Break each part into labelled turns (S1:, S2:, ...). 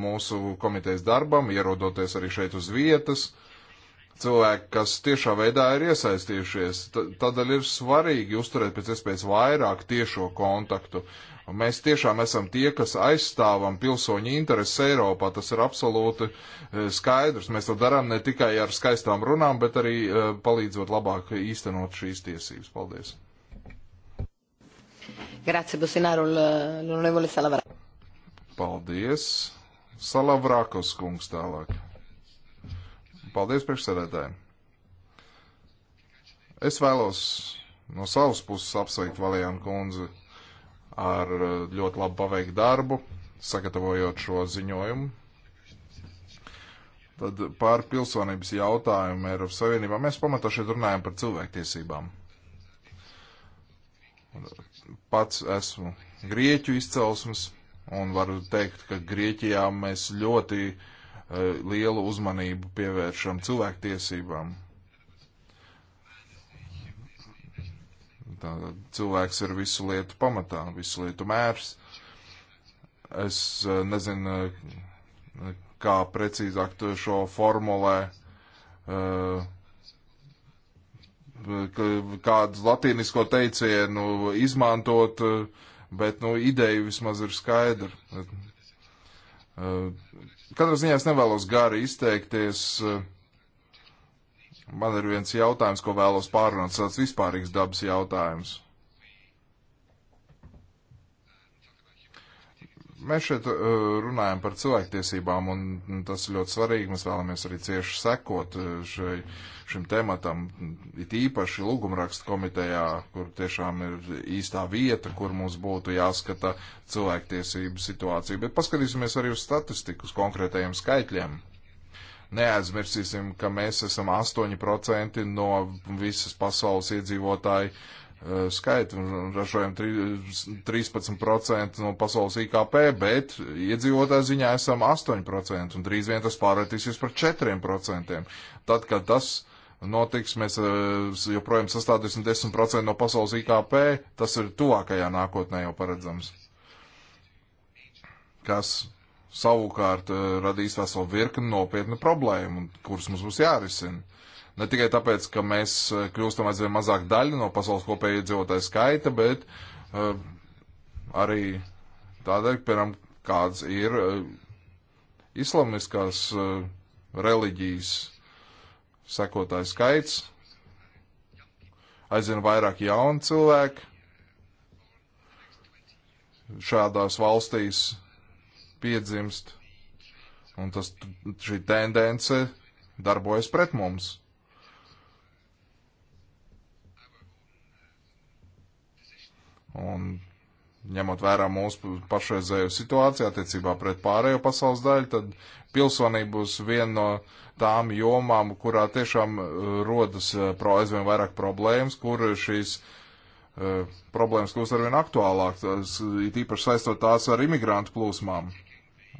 S1: mūsu komitejas darbam, ierodoties arī šeit uz vietas. Cilvēki, kas tiešā veidā ir iesaistījušies, tādēļ ir svarīgi uzturēt pēc iespējas vairāk tiešo kontaktu. Mēs tiešām esam tie, kas aizstāvam pilsoņu intereses Eiropā. Tas ir absolūti skaidrs. Mēs to darām ne tikai ar skaistām runām, bet arī palīdzot labāk īstenot šīs tiesības. Paldies!
S2: Grazie, Bosināru, l'onorevole Salavara.
S1: Paldies. Salavrākos kungs tālāk. Paldies priekšsēdētājiem. Es vēlos no savas puses apsveikt Valijānu kundzi ar ļoti labu paveiktu darbu, sagatavojot šo ziņojumu. Tad par pilsonības jautājumu Eiropas Savienībā mēs pamatā šeit runājam par cilvēktiesībām. Pats esmu grieķu izcelsmes, Un varu teikt, ka Grieķijā mēs ļoti uh, lielu uzmanību pievēršam cilvēktiesībām. Tā, cilvēks ir visu lietu pamatā, visu lietu mērs. Es uh, nezinu, uh, kā precīzāk to šo formulē, kādu latīnisko teicienu izmantot, uh, bet nu, ideja vismaz ir skaidra. Katrā ziņā es nevēlos gari izteikties. Man ir viens jautājums, ko vēlos pārunāt, tāds vispārīgs dabas jautājums. Mēs šeit uh, runājam par cilvēktiesībām, un tas ir ļoti svarīgi. Mēs vēlamies arī cieši sekot uh, šai uh, šim tematam, it īpaši lūgumrakstu komitejā, kur tiešām ir īstā vieta, kur mums būtu jāskata cilvēktiesību situācija. Bet paskatīsimies arī uz statistiku, uz konkrētajiem skaitļiem. Neaizmirsīsim, ka mēs esam 8% no visas pasaules iedzīvotāju eh, skaitu un ražojam 13% no pasaules IKP, bet iedzīvotāju ziņā esam 8% un drīz vien tas pārvērtīsies par 4%. Tad, kad tas notiks. Mēs eh, joprojām sastādīsim 10% no pasaules IKP. Tas ir tuvākajā nākotnē jau paredzams. Kas savukārt eh, radīs veselu virkni nopietnu problēmu, kuras mums būs jārisina. Ne tikai tāpēc, ka mēs eh, kļūstam aizvien mazāk daļa no pasaules kopējā iedzīvotāja skaita, bet uh, arī tādēļ, piemēram, kāds ir uh, islamiskās uh, reliģijas sekotāju skaits, aizvien vairāk jaunu cilvēku šādās valstīs piedzimst, un tas, šī tendence darbojas pret mums. Un ņemot vērā mūsu pašreizējo situāciju attiecībā pret pārējo pasaules daļu, tad pilsonība būs viena no tām jomām, kurā tiešām uh, rodas uh, pro, aizvien vairāk problēmas, kur šīs uh, problēmas kļūst arvien aktuālāk, tas, uh, it īpaši saistot tās ar imigrantu plūsmām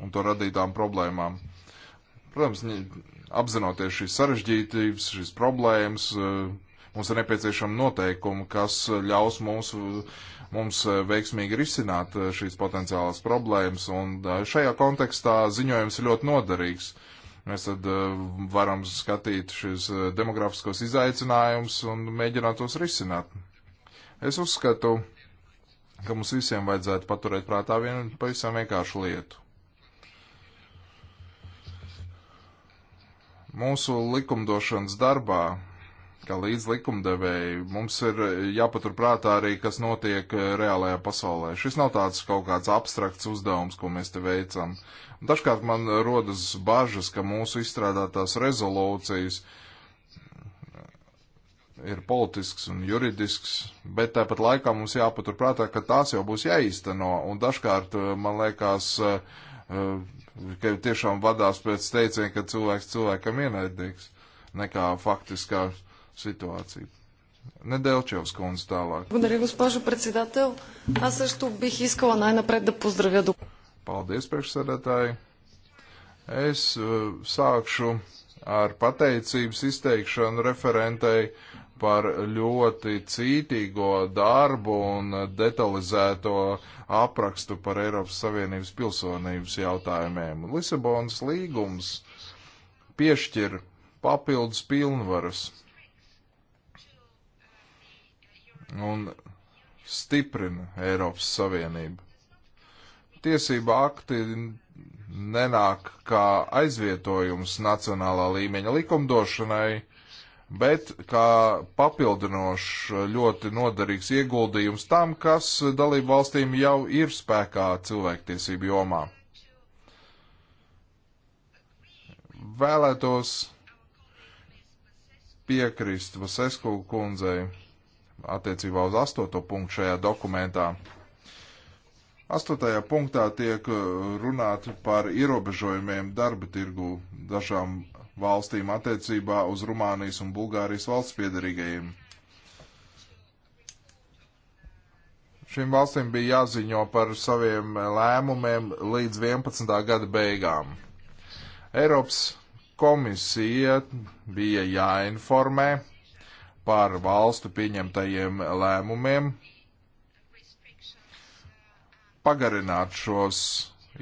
S1: un to radītām problēmām. Protams, apzinoties šīs sarežģītības, šīs problēmas, uh, Mums ir nepieciešama noteikuma, kas ļaus mums, mums veiksmīgi risināt šīs potenciālās problēmas, un šajā kontekstā ziņojums ir ļoti noderīgs. Mēs tad varam skatīt šis demografiskos izaicinājumus un mēģināt tos risināt. Es uzskatu, ka mums visiem vajadzētu paturēt prātā vienu pavisam vienkāršu lietu. mūsu likumdošanas darbā kā līdz likumdevēji, mums ir jāpaturprātā arī, kas notiek eh, reālajā pasaulē. Šis nav tāds kaut kāds abstrakts uzdevums, ko mēs te veicam. Dažkārt man rodas bažas, ka mūsu izstrādātās rezolūcijas ir politisks un juridisks, bet tāpat laikā mums jāpaturprātā, ka tās jau būs jāīsteno, un dažkārt eh, man liekas, eh, ka tiešām vadās pēc teiciena, ka cilvēks cilvēkam ienaidīgs nekā faktiskā situāciju. Неделчев Скунс tālāk. Благодаря, госпожо председател. Аз също бих искала най-напред да поздравя до... Paldies, priekšsēdētāji. Es uh, sākšu ar pateicības izteikšanu referentei par ļoti cītīgo darbu un detalizēto aprakstu par Eiropas Savienības pilsonības jautājumiem. Lisabonas līgums piešķir papildus pilnvaras un stiprina Eiropas Savienību. Tiesība akti nenāk kā aizvietojums nacionālā līmeņa likumdošanai, bet kā papildinošs ļoti noderīgs ieguldījums tam, kas dalību valstīm jau ir spēkā cilvēktiesību jomā. Vēlētos piekrist Vasesku kundzei attiecībā uz astoto punktu šajā dokumentā. Astotajā punktā tiek uh, runāt par ierobežojumiem darba tirgu dažām valstīm attiecībā uz Rumānijas un Bulgārijas valsts piedarīgajiem. Šīm valstīm bija jāziņo par saviem lēmumiem līdz 11. gada beigām. Eiropas komisija bija jāinformē par valstu pieņemtajiem lēmumiem pagarināt šos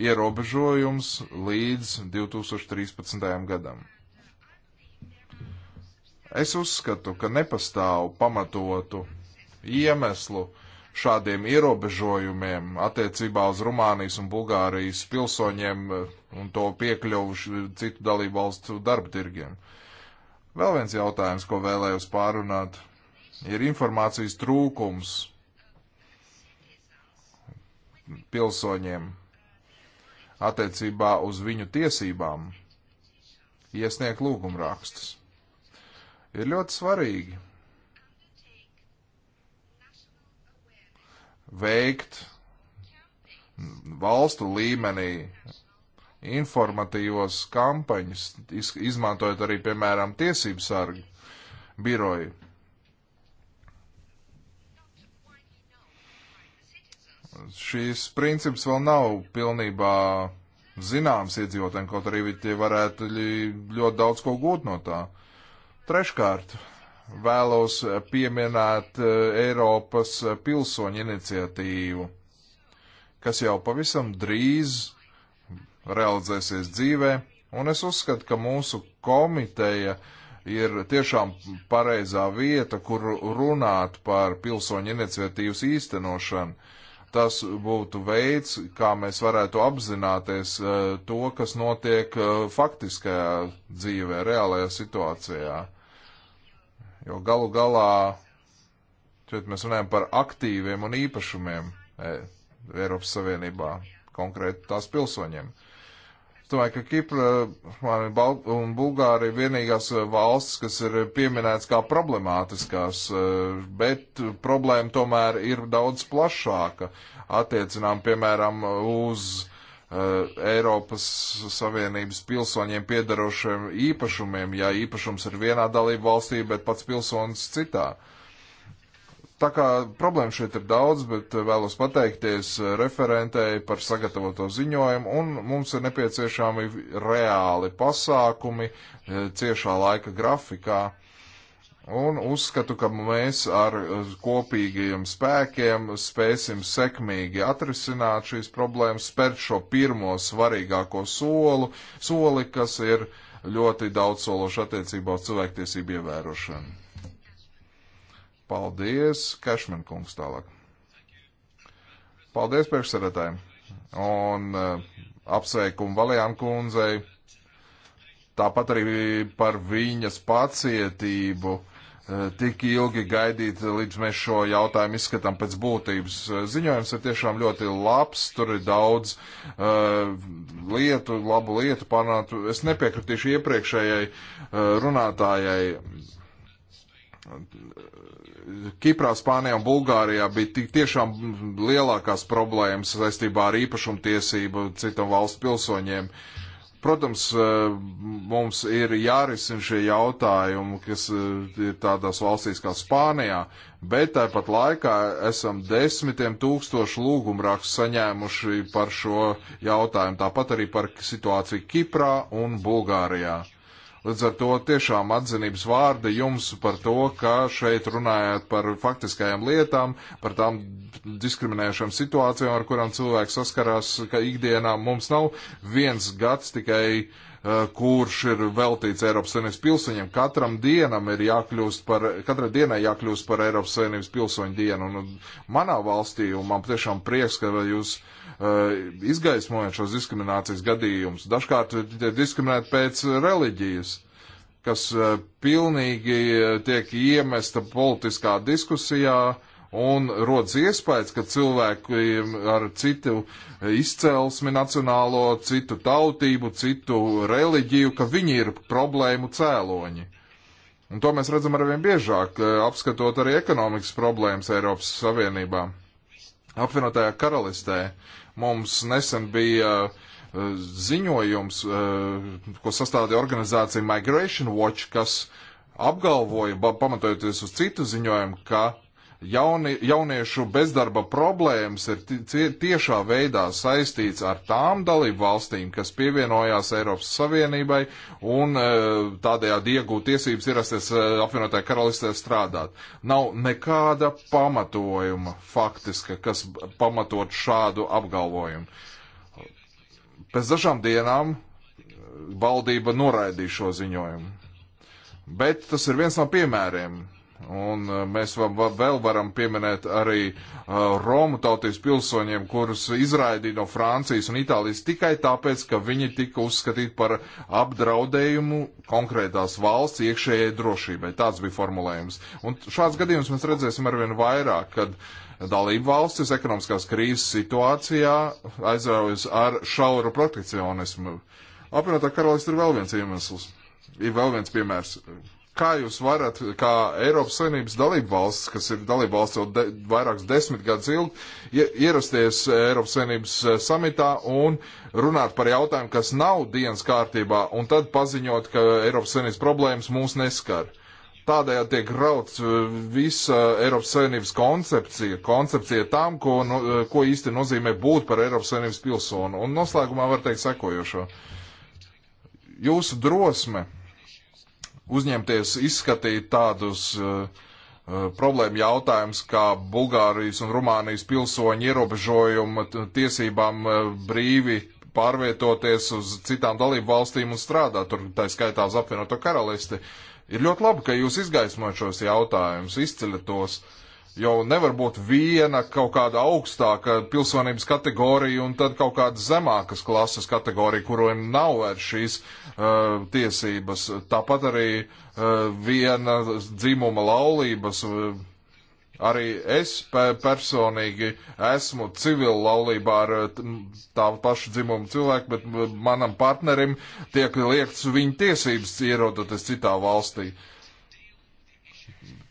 S1: ierobežojums līdz 2013. gadam. Es uzskatu, ka nepastāv pamatotu iemeslu šādiem ierobežojumiem attiecībā uz Rumānijas un Bulgārijas pilsoņiem un to piekļuvuši citu dalību valstu darba tirgiem. Uh, Vēl viens jautājums, ko vēlējos pārunāt, ir informācijas trūkums pilsoņiem attiecībā uz viņu tiesībām iesniegt lūgumrakstus. Ir ļoti svarīgi veikt valstu līmenī informatīvos kampaņas, iz, izmantojot arī, piemēram, tiesību sargi biroju. Šīs princips vēl nav pilnībā zināms iedzīvotājiem, kaut arī viņi varētu ļoti daudz ko gūt no tā. Treškārt, vēlos pieminēt e, Eiropas pilsoņu iniciatīvu, kas jau pavisam drīz realizēsies dzīvē, un es uzskatu, ka mūsu komiteja ir tiešām pareizā vieta, kur runāt par pilsoņu iniciatīvas īstenošanu. Tas būtu veids, kā mēs varētu apzināties eh, to, kas notiek eh, faktiskajā dzīvē, reālajā situācijā. Jo galu galā šeit mēs runājam par aktīviem un īpašumiem eh, Eiropas Savienībā, konkrēti tās pilsoņiem. Uh, Es domāju, ka Kipra un Bulgārija ir vienīgās eh, valstis, kas ir eh, pieminētas kā problemātiskās, eh, bet problēma tomēr ir daudz plašāka. Attiecinām, piemēram, uz Eiropas Savienības pilsoņiem piedarošiem īpašumiem, ja īpašums ir vienā dalību valstī, bet pats pilsonis citā. Uh, Tā kā problēma šeit ir daudz, bet eh, vēlos pateikties eh, referentēji par sagatavoto ziņojumu, un mums ir nepieciešami reāli pasākumi eh, ciešā laika grafikā. Un uzskatu, ka mēs ar kopīgiem spēkiem spēsim sekmīgi atrisināt šīs problēmas, spērt šo pirmo svarīgāko solu, soli, kas ir ļoti daudz sološu attiecībā uz cilvēktiesību ievērošanu. Paldies, Kašman kungs tālāk. Paldies priekšsarētājiem un uh, apsveikumu Valjāna kundzei. Tāpat arī par viņas pacietību eh, tik ilgi gaidīt, līdz mēs šo jautājumu izskatām pēc būtības. Ziņojums ir tiešām ļoti labs, tur ir daudz uh, lietu, labu lietu panākt. Es nepiekritīšu iepriekšējai uh, runātājai. Kiprā, Spānijā un Bulgārijā bija tiešām lielākās problēmas saistībā ar īpašumtiesību citam valsts pilsoņiem. Protams, eh, mums ir jārisina šie jautājumi, kas eh, ir tādās valstīs kā Spānijā, bet tāpat laikā esam desmitiem tūkstošu lūgumu rakstu saņēmuši par šo jautājumu, tāpat arī par situāciju Kiprā un Bulgārijā. Līdz ar to tiešām atzinības vārdi jums par to, ka šeit runājāt par faktiskajām lietām, par tām diskriminējušām situācijām, ar kurām cilvēks saskarās, ka ikdienā mums nav viens gads tikai uh, kurš ir veltīts Eiropas Savienības pilsoņiem. Katram dienam ir jākļūst par, katrai dienai jākļūst par Eiropas Savienības pilsoņu dienu. Un manā valstī, un man tiešām prieks, ka jūs uh, Uh, izgaismojot šos diskriminācijas gadījumus. Dažkārt tiek diskriminēti pēc reliģijas, kas uh, pilnīgi uh, tiek iemesta politiskā diskusijā, Un rodas iespējas, ka cilvēki ar citu izcelsmi nacionālo, citu tautību, citu reliģiju, ka viņi ir problēmu cēloņi. Un to mēs redzam arvien biežāk, apskatot arī ekonomikas problēmas Eiropas Savienībā. Apvienotajā karalistē Mums nesen bija eh, ziņojums, eh, ko sastādīja organizācija Migration Watch, kas apgalvoja, pamatojoties uz citu ziņojumu, ka jauni, jauniešu bezdarba problēmas ir tie, tiešā veidā saistīts ar tām dalību valstīm, kas pievienojās Eiropas Savienībai un e, tādējādi iegūt tiesības ierasties e, apvienotā karalistē strādāt. Nav nekāda pamatojuma faktiska, kas pamatot šādu apgalvojumu. Pēc dažām dienām e, valdība noraidīja šo ziņojumu. Bet tas ir viens no piemēriem Un uh, mēs vēl varam pieminēt arī uh, Romu tautības pilsoņiem, kurus izraidīja no Francijas un Itālijas tikai tāpēc, ka viņi tika uzskatīti par apdraudējumu konkrētās valsts iekšējai drošībai. Tāds bija formulējums. Un šāds gadījums mēs redzēsim arvien vairāk, kad dalību valstis ekonomiskās krīzes situācijā aizraujas ar šauru protekcionismu. Apvienotā karalists ir vēl viens iemesls, ir vēl viens piemērs kā jūs varat, kā Eiropas Savienības dalība valsts, kas ir dalība valsts jau de, vairākus desmit gadus ilgi, ierasties Eiropas Savienības eh, samitā un runāt par jautājumu, kas nav dienas kārtībā, un tad paziņot, ka Eiropas Savienības problēmas mūs neskar. Tādējādi tiek grauts eh, visa Eiropas Savienības koncepcija, koncepcija tam, ko, no, eh, ko īsti nozīmē būt par Eiropas Savienības pilsonu. Un noslēgumā var teikt sekojošo. Jūsu drosme uzņemties izskatīt tādus uh, uh problēma jautājums, kā Bulgārijas un Rumānijas pilsoņu ierobežojuma tiesībām uh, brīvi pārvietoties uz citām dalību valstīm un strādāt, tur tā skaitā uz apvienoto karalisti. Ir ļoti labi, ka jūs izgaismojat šos jautājumus, izceļat tos. Uh, Jo nevar būt viena kaut kāda augstāka pilsonības kategorija un tad kaut kāda zemākas klases kategorija, kuriem nav vairs šīs uh, tiesības. Tāpat arī uh, viena dzimuma laulības. Uh, arī es pe personīgi esmu civila laulībā ar uh, tā pašu dzimumu cilvēku, bet manam partnerim tiek liekts viņa tiesības ierodoties citā valstī. Uh,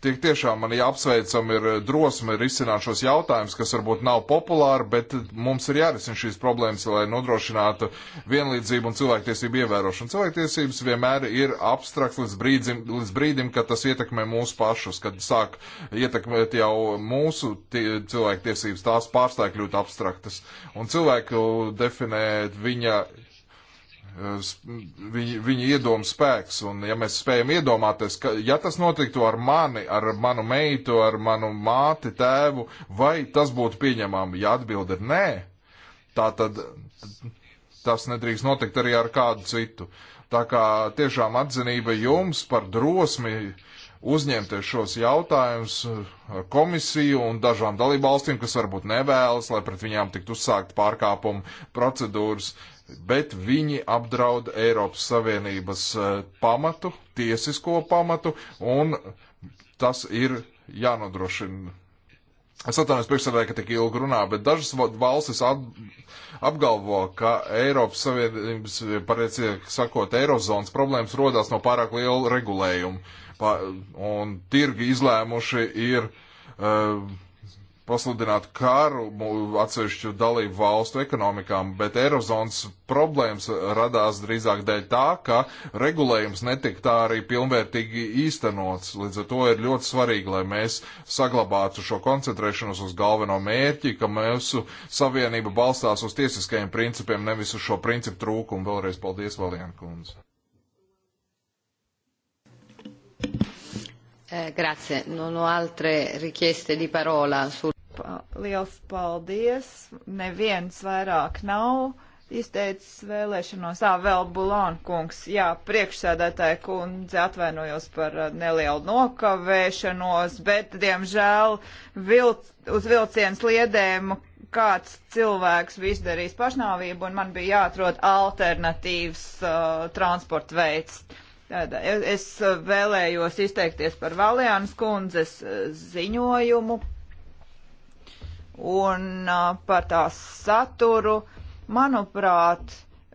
S1: Tik tiešām man jāapsveicam ir eh, drosme risināt šos jautājumus, kas varbūt nav populāri, bet mums ir jārisina šīs problēmas, lai nodrošinātu vienlīdzību un cilvēktiesību ievērošanu. Cilvēktiesības vienmēr ir abstrakts līdz brīdim, līdz brīdim kad tas ietekmē mūsu pašus, kad sāk ietekmēt jau mūsu cilvēktiesības, tās pārstāj kļūt abstraktas. Un cilvēku definēt viņa viņa, viņa iedomu spēks. Un, ja mēs spējam iedomāties, ka ja tas notiktu ar mani, ar manu meitu, ar manu māti, tēvu, vai tas būtu pieņemami, ja atbild ir nē, tā tad tas nedrīkst notikt arī ar kādu citu. Tā kā tiešām atzinība jums par drosmi uzņemties šos jautājumus eh, komisiju un dažām dalībvalstīm, kas varbūt nevēlas, lai pret viņām tiktu uzsākt pārkāpumu procedūras. Uh, bet viņi apdraud Eiropas Savienības eh, pamatu, tiesisko pamatu, un tas ir jānodrošina. Es atvainojos priekšsēdētāji, ka tik ilgi runā, bet dažas valstis at, apgalvo, ka Eiropas Savienības, pareizāk sakot, Eirozonas problēmas rodas no pārāk liela regulējuma. Un tirgi izlēmuši ir uh, pasludināt karu atsevišķu dalību valstu ekonomikām, bet Eirozonas problēmas radās drīzāk dēļ tā, ka regulējums netika tā arī pilnvērtīgi īstenots. Līdz ar to ir ļoti svarīgi, lai mēs saglabātu šo koncentrēšanos uz galveno mērķi, ka mūsu savienība balstās uz tiesiskajiem principiem, nevis uz šo principu trūkumu. Vēlreiz paldies, Valienka kundze.
S3: Eh, grazie, non ho altre richieste di parola sul pa, liels paldies. Neviens vairāk nav izteicis vēlēšanos. Ā, vēl Bulāna kungs, jā, priekšsēdētāja kundze atvainojos par uh, nelielu nokavēšanos, bet, diemžēl, vilc, uz vilciens liedēm kāds cilvēks bija izdarījis pašnāvību un man bija jāatrod alternatīvs uh, transporta veids. Tādā, es uh, vēlējos izteikties par Valēnas kundzes uh, ziņojumu un par tās saturu, manuprāt,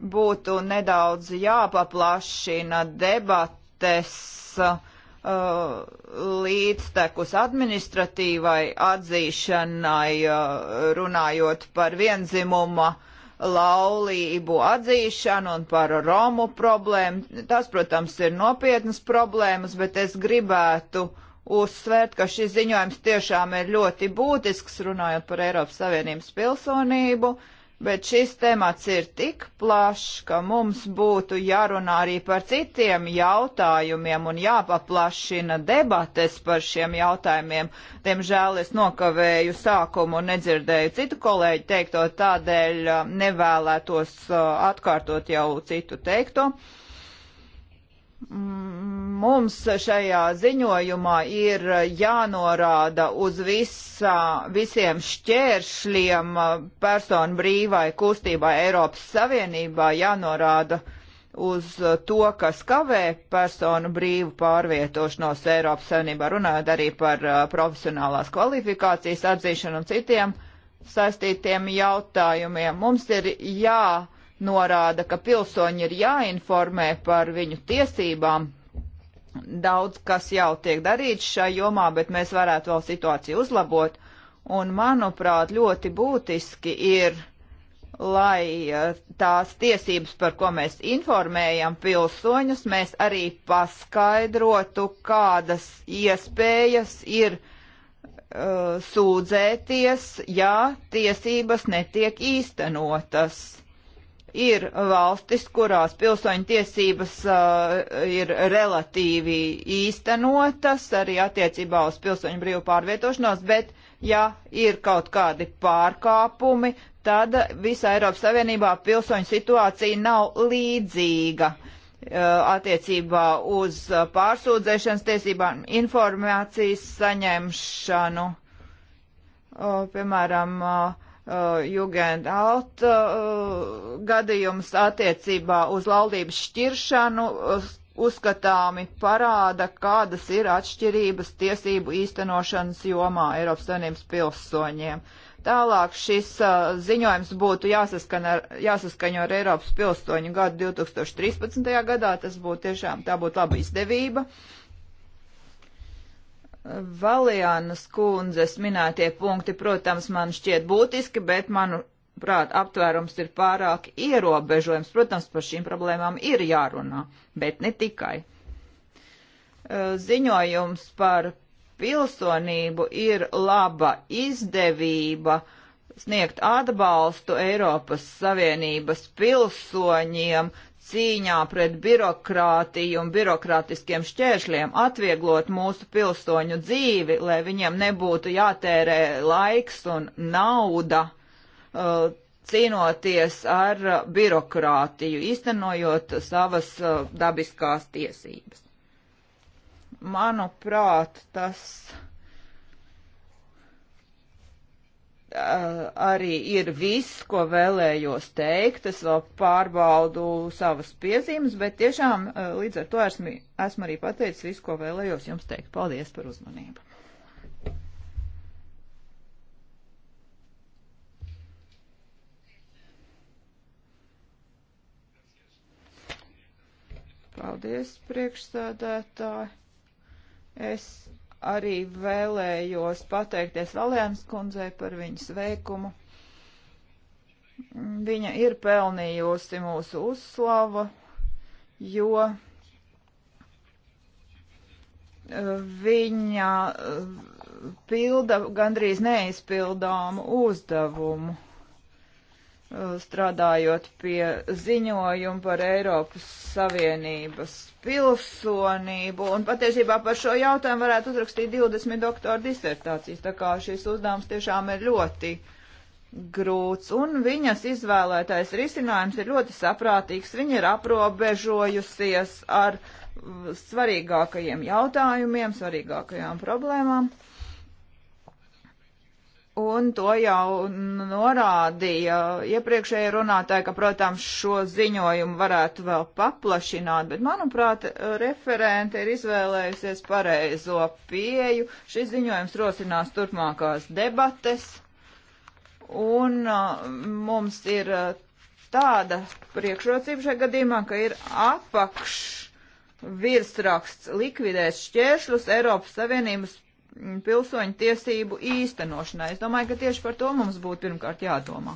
S3: būtu nedaudz jāpaplašina debates līdztekus administratīvai atzīšanai, runājot par vienzimuma laulību atzīšanu un par Romu problēmu. Tas, protams, ir nopietnas problēmas, bet es gribētu uh, uzsvērt, ka šis ziņojums tiešām ir ļoti būtisks, runājot par Eiropas Savienības pilsonību, bet šis temats ir tik plašs, ka mums būtu jārunā arī par citiem jautājumiem un jāpaplašina debates par šiem jautājumiem. Diemžēl es nokavēju sākumu un nedzirdēju citu kolēģi teikto, tādēļ um, nevēlētos uh, atkārtot jau citu teikto. Mums šajā ziņojumā ir jānorāda uz visā, visiem šķēršļiem uh, personu brīvai kustībai Eiropas Savienībā, jānorāda uz uh, to, kas kavē personu brīvu pārvietošanos Eiropas Savienībā, runājot arī par uh, profesionālās kvalifikācijas atzīšanu un citiem saistītiem jautājumiem. Mums ir jā norāda, ka pilsoņi ir jāinformē par viņu tiesībām. Daudz kas jau tiek darīts šai jomā, bet mēs varētu vēl situāciju uzlabot. Un, manuprāt, ļoti būtiski ir, lai eh, tās tiesības, par ko mēs informējam pilsoņus, mēs arī paskaidrotu, kādas iespējas ir eh, sūdzēties, ja tiesības netiek īstenotas ir valstis, kurās pilsoņu tiesības uh, ir relatīvi īstenotas, arī attiecībā uz pilsoņu brīvu pārvietošanos, bet ja ir kaut kādi pārkāpumi, tad visā Eiropas Savienībā pilsoņu situācija nav līdzīga uh, attiecībā uz pārsūdzēšanas tiesībām, informācijas saņemšanu, uh, piemēram, uh, uh, Jugend Alt uh, gadījums attiecībā uz laulības šķiršanu uh, uzskatāmi parāda, kādas ir atšķirības tiesību īstenošanas jomā Eiropas Savienības pilsoņiem. Tālāk šis uh, ziņojums būtu ar, jāsaskaņo ar Eiropas pilsoņu gadu 2013. gadā. Tas būtu tiešām, tā būtu laba izdevība. Uh, Valianas kundzes minētie punkti, protams, man šķiet būtiski, bet manu prāt aptvērums ir pārāk ierobežojums. Protams, par šīm problēmām ir jārunā, bet ne tikai. Ziņojums par pilsonību ir laba izdevība sniegt atbalstu Eiropas Savienības pilsoņiem, uh, cīņā pret birokrātiju un birokrātiskiem šķēršļiem, atvieglot mūsu pilsoņu dzīvi, lai viņiem nebūtu jātērē laiks un nauda uh, cīnoties ar uh, birokrātiju, iztenojot savas uh, dabiskās tiesības. Manuprāt, tas Eh, arī ir viss, ko vēlējos teikt. Es vēl pārbaudu savas piezīmes, bet tiešām eh, līdz ar to esmu, esmu arī pateicis visu, ko vēlējos jums teikt. Paldies par uzmanību! Paldies, priekšsādētāji! Es arī vēlējos pateikties Valēnas kundzei par viņas veikumu. Viņa ir pelnījusi mūsu uzslavu, jo eh, viņa eh, pilda gandrīz neizpildāmu uzdevumu strādājot pie ziņojuma par Eiropas Savienības pilsonību, un patiesībā par šo jautājumu varētu uzrakstīt 20 doktora disertācijas, tā kā šis uzdevums tiešām ir ļoti grūts, un viņas izvēlētais risinājums ir ļoti saprātīgs, viņa ir aprobežojusies ar svarīgākajiem jautājumiem, svarīgākajām problēmām. Un to jau norādīja iepriekšēja runātāja, ka, protams, šo ziņojumu varētu vēl paplašināt, bet, manuprāt, referente ir izvēlējusies pareizo pieju. Šis ziņojums rosinās turpmākās debates, un uh, mums ir uh, tāda priekšrocība šajā gadījumā, ka ir apakš virsraksts likvidēs šķēršļus Eiropas Savienības pilsoņu tiesību īstenošanai. Es domāju, ka tieši par to mums būtu pirmkārt jādomā.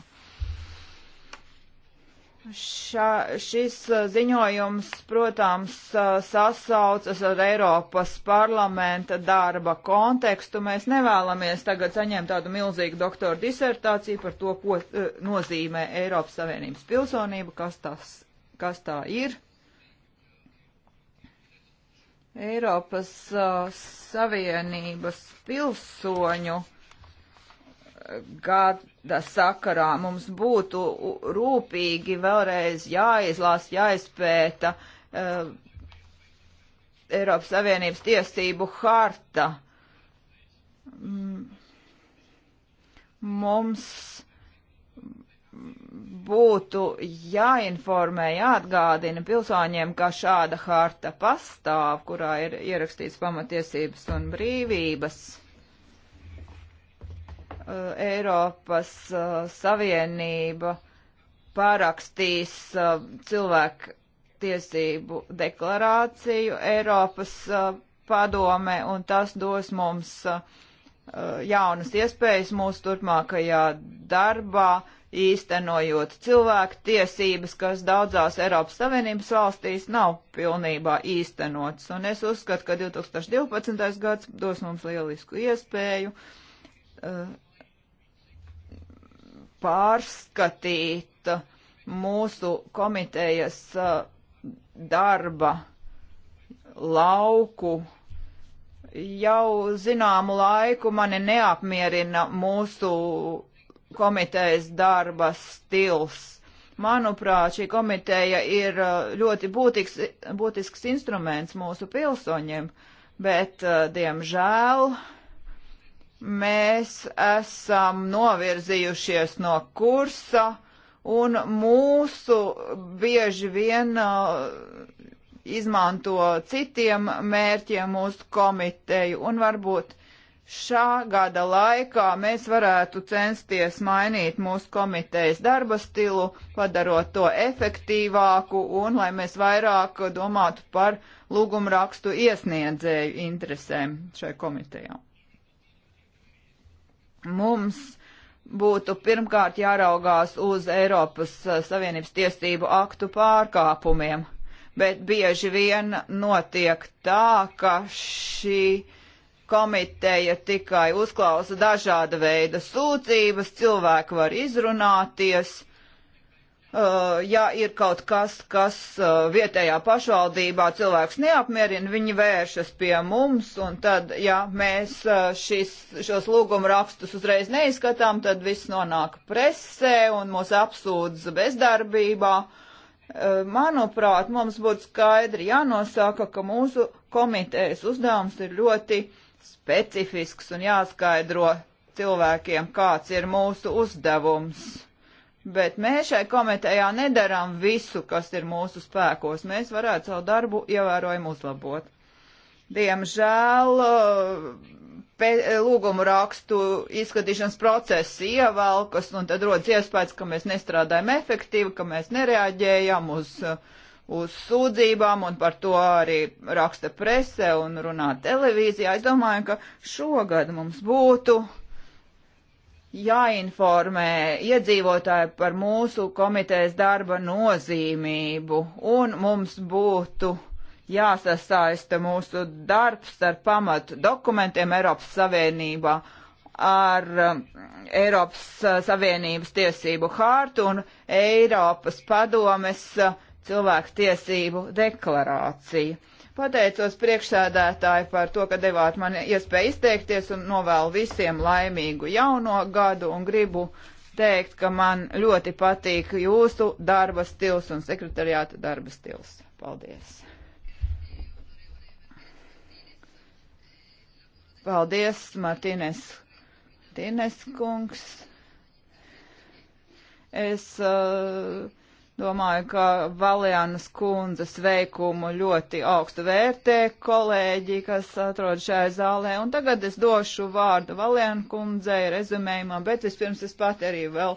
S3: Šā, šis uh, ziņojums, protams, uh, sasaucas ar Eiropas parlamenta darba kontekstu. Mēs nevēlamies tagad saņemt tādu milzīgu doktoru disertāciju par to, ko uh, nozīmē Eiropas Savienības pilsonība, kas, tas, kas tā ir. Eiropas uh, Savienības pilsoņu gada sakarā mums būtu rūpīgi vēlreiz jāizlās, jāizpēta uh, Eiropas Savienības tiesību harta. Mm. Mums būtu jāinformē, jāatgādina pilsoņiem, ka šāda harta pastāv, kurā ir ierakstīts pamatiesības un brīvības. Uh, Eiropas uh, Savienība parakstīs uh, cilvēku tiesību deklarāciju Eiropas padome, un tas dos mums jaunas iespējas mūsu turpmākajā darbā īstenojot cilvēku tiesības, kas daudzās Eiropas Savienības valstīs nav pilnībā īstenots. Un es uzskatu, ka 2012. gads dos mums lielisku iespēju uh, pārskatīt mūsu komitejas uh, darba lauku jau zināmu laiku mani neapmierina mūsu komitejas darba stils. Manuprāt, šī komiteja ir uh, ļoti būtisks, būtisks instruments mūsu pilsoņiem, bet, uh, diemžēl, mēs esam novirzījušies no kursa un mūsu bieži vien uh, izmanto citiem mērķiem mūsu komiteju un varbūt šā gada laikā mēs varētu censties mainīt mūsu komitejas darba stilu, padarot to efektīvāku un lai mēs vairāk domātu par lūgumrakstu iesniedzēju interesēm šai komitejā. Mums būtu pirmkārt jāraugās uz Eiropas eh, Savienības tiesību aktu pārkāpumiem, bet bieži vien notiek tā, ka šī komiteja tikai uzklausa dažāda veida sūdzības, cilvēki var izrunāties. Uh, ja ir kaut kas, kas uh, vietējā pašvaldībā cilvēks neapmierina, viņi vēršas pie mums, un tad, ja mēs uh, šis, šos lūgumu rakstus uzreiz neizskatām, tad viss nonāk presē un mūs apsūdz bezdarbībā. Uh, manuprāt, mums būtu skaidri jānosaka, ka mūsu komitejas uzdevums ir ļoti uh, specifisks un jāskaidro cilvēkiem, kāds ir mūsu uzdevums. Bet mēs šai komitejā nedarām visu, kas ir mūsu spēkos. Mēs varētu savu darbu ievērojami uzlabot. Diemžēl eh, lūgumu rakstu izskatīšanas process ievelkas, un tad rodas iespējas, ka mēs nestrādājam efektīvi, ka mēs nereaģējam uz uh, uz sūdzībām un par to arī raksta presē un runā televīzijā. Es domāju, ka šogad mums būtu jāinformē iedzīvotāji par mūsu komitejas darba nozīmību un mums būtu jāsasaista mūsu darbs ar pamatu dokumentiem Eiropas Savienībā ar um, Eiropas uh, Savienības tiesību hārtu un Eiropas padomes uh, cilvēku tiesību deklarāciju. Pateicos priekšsēdētāji par to, ka devāt man iespēju izteikties un novēlu visiem laimīgu jauno gadu un gribu teikt, ka man ļoti patīk jūsu darba stils un sekretariāta darba stils. Paldies! Paldies, Martīnes Tīnes kungs. Es uh, Domāju, ka Valēnas kundzes veikumu ļoti augstu vērtē kolēģi, kas atrod šajā zālē. Un tagad es došu vārdu Valēna kundzei rezumējumā, bet vispirms es pat arī vēl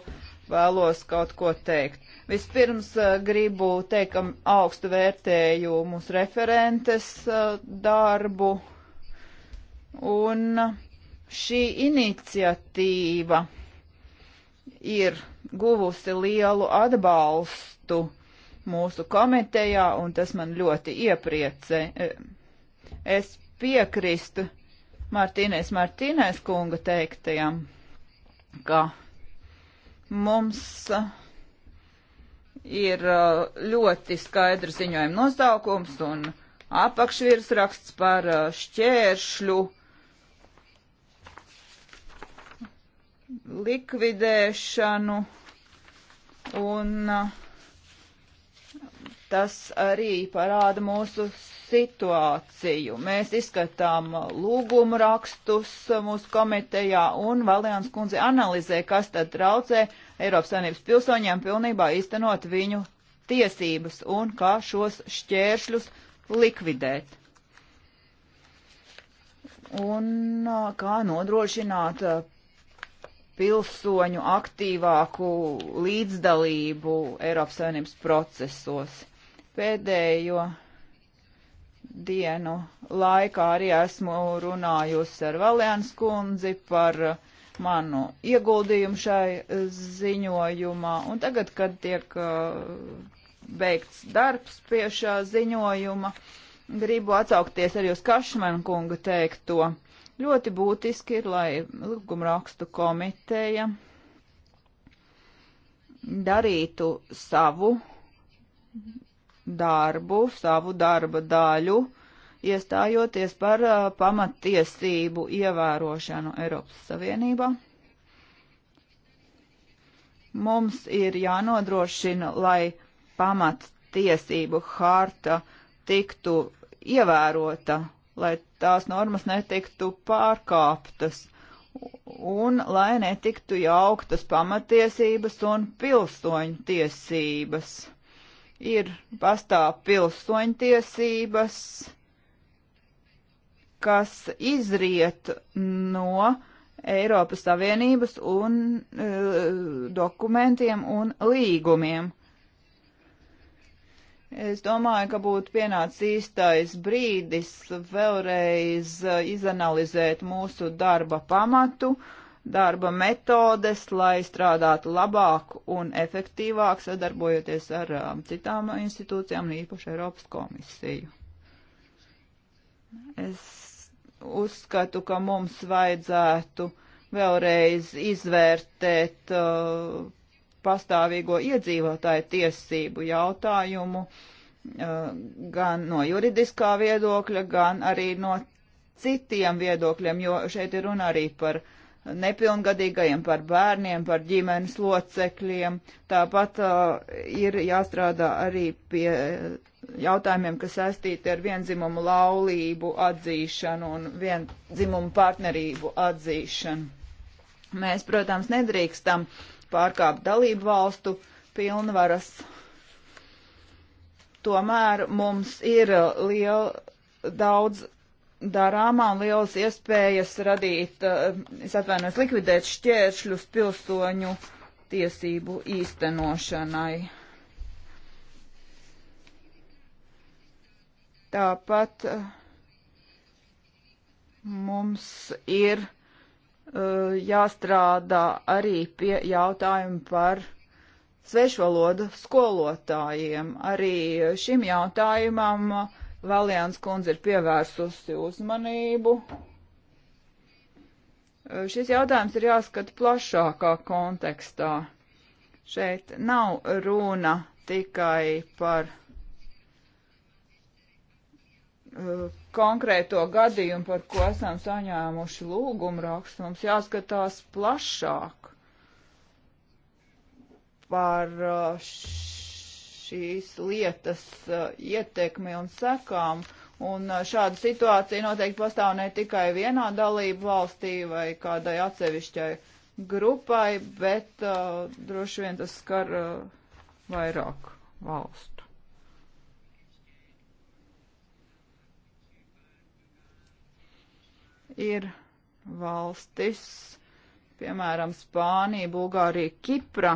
S3: vēlos kaut ko teikt. Vispirms eh, gribu teikt, ka augstu vērtēju mūsu referentes eh, darbu. Un šī iniciatīva ir guvusi lielu atbalstu mūsu komitejā, un tas man ļoti iepriecē. Es piekrīstu Martīnēs Martīnēs kunga teiktajam, ka mums uh, ir uh, ļoti skaidrs ziņojuma nosaukums un apakšvirsraksts par uh, šķēršļu uh, likvidēšanu, un uh, tas arī parāda mūsu situāciju. Mēs izskatām uh, lūgumu rakstus uh, mūsu komitejā, un Valēns kundze analizē, kas tad traucē Eiropas Savienības pilsoņiem pilnībā īstenot viņu tiesības un kā šos šķēršļus likvidēt. Un kā nodrošināt pilsoņu aktīvāku līdzdalību Eiropas Savienības procesos. Pēdējo dienu laikā arī esmu runājusi ar Valēnas kundzi par manu ieguldījumu šai ziņojumā, un tagad, kad tiek uh, beigts darbs pie šā ziņojuma, gribu atsaukties arī uz Kašmanu kunga teikto Ļoti būtiski ir, lai likumrakstu komiteja darītu savu darbu, savu darba daļu, iestājoties par uh, pamatiesību ievērošanu Eiropas Savienībā. Mums ir jānodrošina, lai pamatiesību harta tiktu ievērota lai tās normas netiktu pārkāptas un lai netiktu jauktas pamatiesības un pilsoņu tiesības. Ir pastāv pilsoņu tiesības, kas izriet no Eiropas Savienības un e, dokumentiem un līgumiem. Es domāju, ka būtu pienācis īstais brīdis vēlreiz uh, izanalizēt mūsu darba pamatu, darba metodes, lai strādātu labāk un efektīvāk, sadarbojoties ar um, citām institūcijām, īpaši Eiropas komisiju. Es uzskatu, ka mums vajadzētu vēlreiz izvērtēt uh, pastāvīgo iedzīvotāju tiesību jautājumu eh, gan no juridiskā viedokļa, gan arī no citiem viedokļiem, jo šeit ir runa arī par nepilngadīgajiem, par bērniem, par ģimenes locekļiem. Tāpat uh, ir jāstrādā arī pie jautājumiem, kas saistīti ar vienzimumu laulību atzīšanu un vienzimumu partnerību atzīšanu. Mēs, protams, nedrīkstam uh, pārkāpt dalību valstu pilnvaras. Tomēr mums ir uh, liel, daudz darāmā un liels iespējas radīt, uh, es atvainojos, likvidēt šķēršļus pilsoņu tiesību īstenošanai. Tāpat uh, mums ir Eh, jāstrādā arī pie jautājuma par svešvalodu skolotājiem. Arī šim jautājumam Valjāns kundze ir pievērsusi uzmanību. Eh, šis jautājums ir jāskata plašākā kontekstā. Šeit nav runa tikai par Eh, konkrēto gadījumu, par ko esam saņēmuši lūgumu rakstu, mums jāskatās plašāk par eh, šīs lietas eh, ietekmi un sekām. Un šāda situācija noteikti pastāv ne tikai vienā dalību valstī vai kādai atsevišķai grupai, bet uh, droši vien tas skar uh, vairāk valstu. ir valstis, piemēram, Spānija, Bulgārija, Kipra,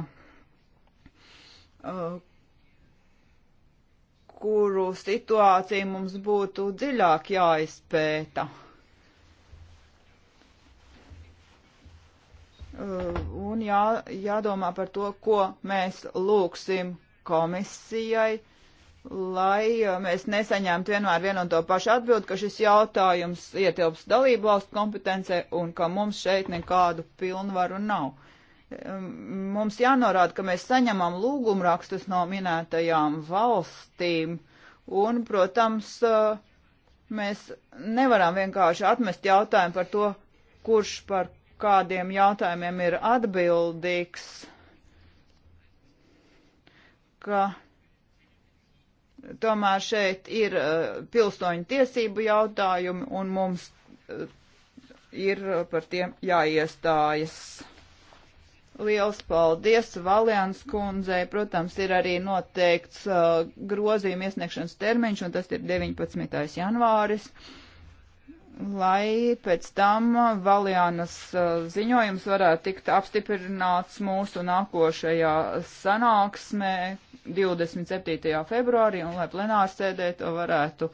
S3: uh, kuru situācija mums būtu dziļāk jāizpēta. Uh, un jā, jādomā par to, ko mēs lūksim komisijai lai uh, mēs nesaņemtu vienmēr vienu un to pašu atbildi, ka šis jautājums ietilps dalību valstu kompetencē un ka mums šeit nekādu pilnvaru nav. Um, mums jānorāda, ka mēs saņemam lūgumrakstus no minētajām valstīm un, protams, uh, mēs nevaram vienkārši atmest jautājumu par to, kurš par kādiem jautājumiem ir atbildīgs, ka Tomēr šeit ir eh, pilsoņu tiesību jautājumi, un mums eh, ir eh, par tiem jāiestājas. Liels paldies Valians kundzei. Protams, ir arī noteikts uh, grozījuma iesniegšanas termiņš, un tas ir 19. janvāris, lai pēc tam Valianas uh, ziņojums varētu tikt apstiprināts mūsu nākošajā sanāksmē, 27. februārī un lai plenārsēdē to varētu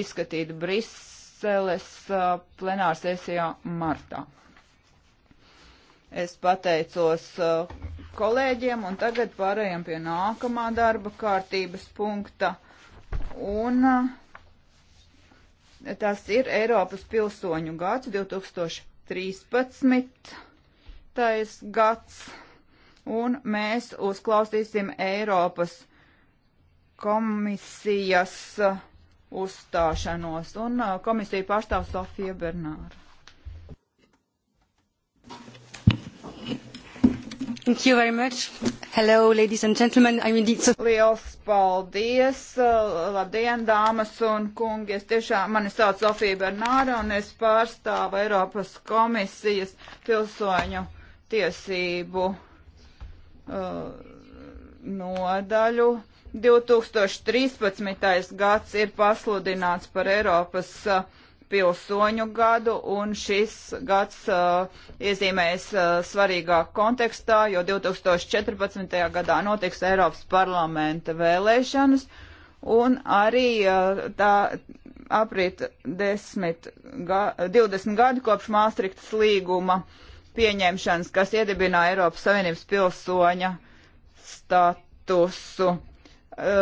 S3: izskatīt Briseles uh, plenārsēsijā martā. Es pateicos uh, kolēģiem un tagad pārējām pie nākamā darba kārtības punkta. Un uh, tas ir Eiropas pilsoņu gads 2013. gads un mēs uzklausīsim Eiropas komisijas uh, uzstāšanos. Un uh, komisija pārstāv Sofija Bernāra. Thank you very much. Hello, ladies and gentlemen. I'm indeed so... Liels paldies. Uh, labdien, dāmas un kungi. Es tiešām, mani sauc Sofija Bernāra un es pārstāvu Eiropas komisijas pilsoņu tiesību Uh, nodaļu. 2013. gads ir pasludināts par Eiropas uh, pilsoņu gadu, un šis gads uh, iezīmēs uh, svarīgā kontekstā, jo 2014. gadā notiks Eiropas parlamenta vēlēšanas, un arī uh, tā aprit 10, ga 20 gadi kopš Māstriktas līguma uh, pieņemšanas, kas iedibināja Eiropas Savienības pilsoņa statusu. E,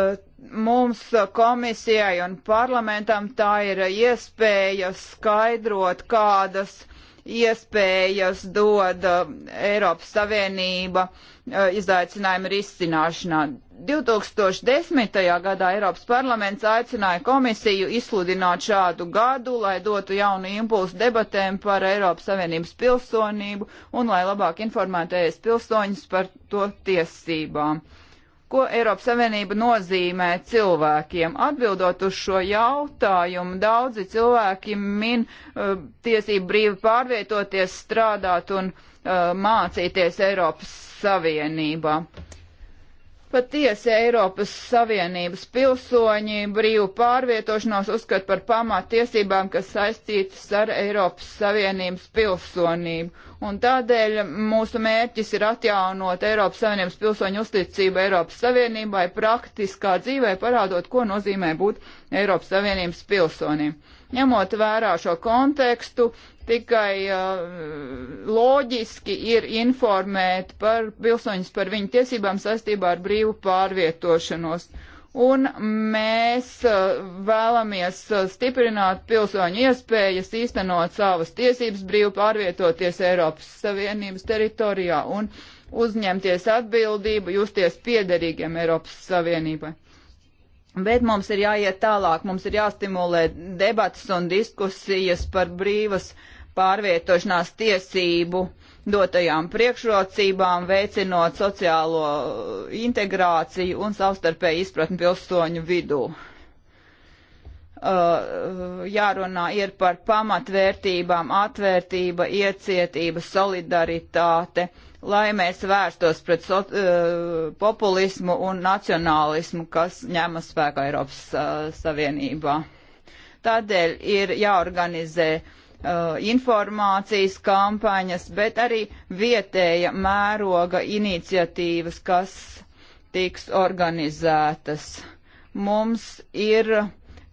S3: mums komisijai un parlamentam tā ir iespēja skaidrot, kādas iespējas dod Eiropas Savienība e, izaicinājuma risināšanā. 2010. gadā Eiropas parlaments aicināja komisiju izsludināt šādu gadu, lai dotu jaunu impulsu debatēm par Eiropas Savienības pilsonību un lai labāk informētu ES pilsoņus par to tiesībām. Ko Eiropas Savienība nozīmē cilvēkiem? Atbildot uz šo jautājumu, daudzi cilvēki min uh, tiesību brīvi pārvietoties, strādāt un uh, mācīties Eiropas Savienībā. Uh, Patiesi Eiropas Savienības pilsoņi brīvu pārvietošanos uzskat par pamatiesībām, kas saistītas ar Eiropas Savienības pilsonību. Un tādēļ mūsu mērķis ir atjaunot Eiropas Savienības pilsoņu uzticību Eiropas Savienībai praktiskā dzīvē, parādot, ko nozīmē būt Eiropas Savienības pilsonim. Ņemot vērā šo kontekstu, tikai uh, loģiski ir informēt par pilsoņus par viņu tiesībām saistībā ar brīvu pārvietošanos. Un mēs uh, vēlamies uh, stiprināt pilsoņu iespējas īstenot savas tiesības brīvi pārvietoties Eiropas Savienības teritorijā un uzņemties atbildību, justies piederīgiem Eiropas Savienībai. Bet mums ir jāiet tālāk, mums ir jāstimulē debatas un diskusijas par brīvas pārvietošanās tiesību dotajām priekšrocībām, veicinot sociālo integrāciju un savstarpēju izpratni pilsoņu vidū. Uh, jārunā ir par pamatvērtībām, atvērtība, iecietība, solidaritāte, uh, lai mēs vērstos pret so, uh, populismu un nacionālismu, kas ņemas spēku Eiropas uh, Savienībā. Tādēļ ir jāorganizē uh, informācijas kampaņas, bet arī vietēja mēroga iniciatīvas, kas tiks organizētas. Mums ir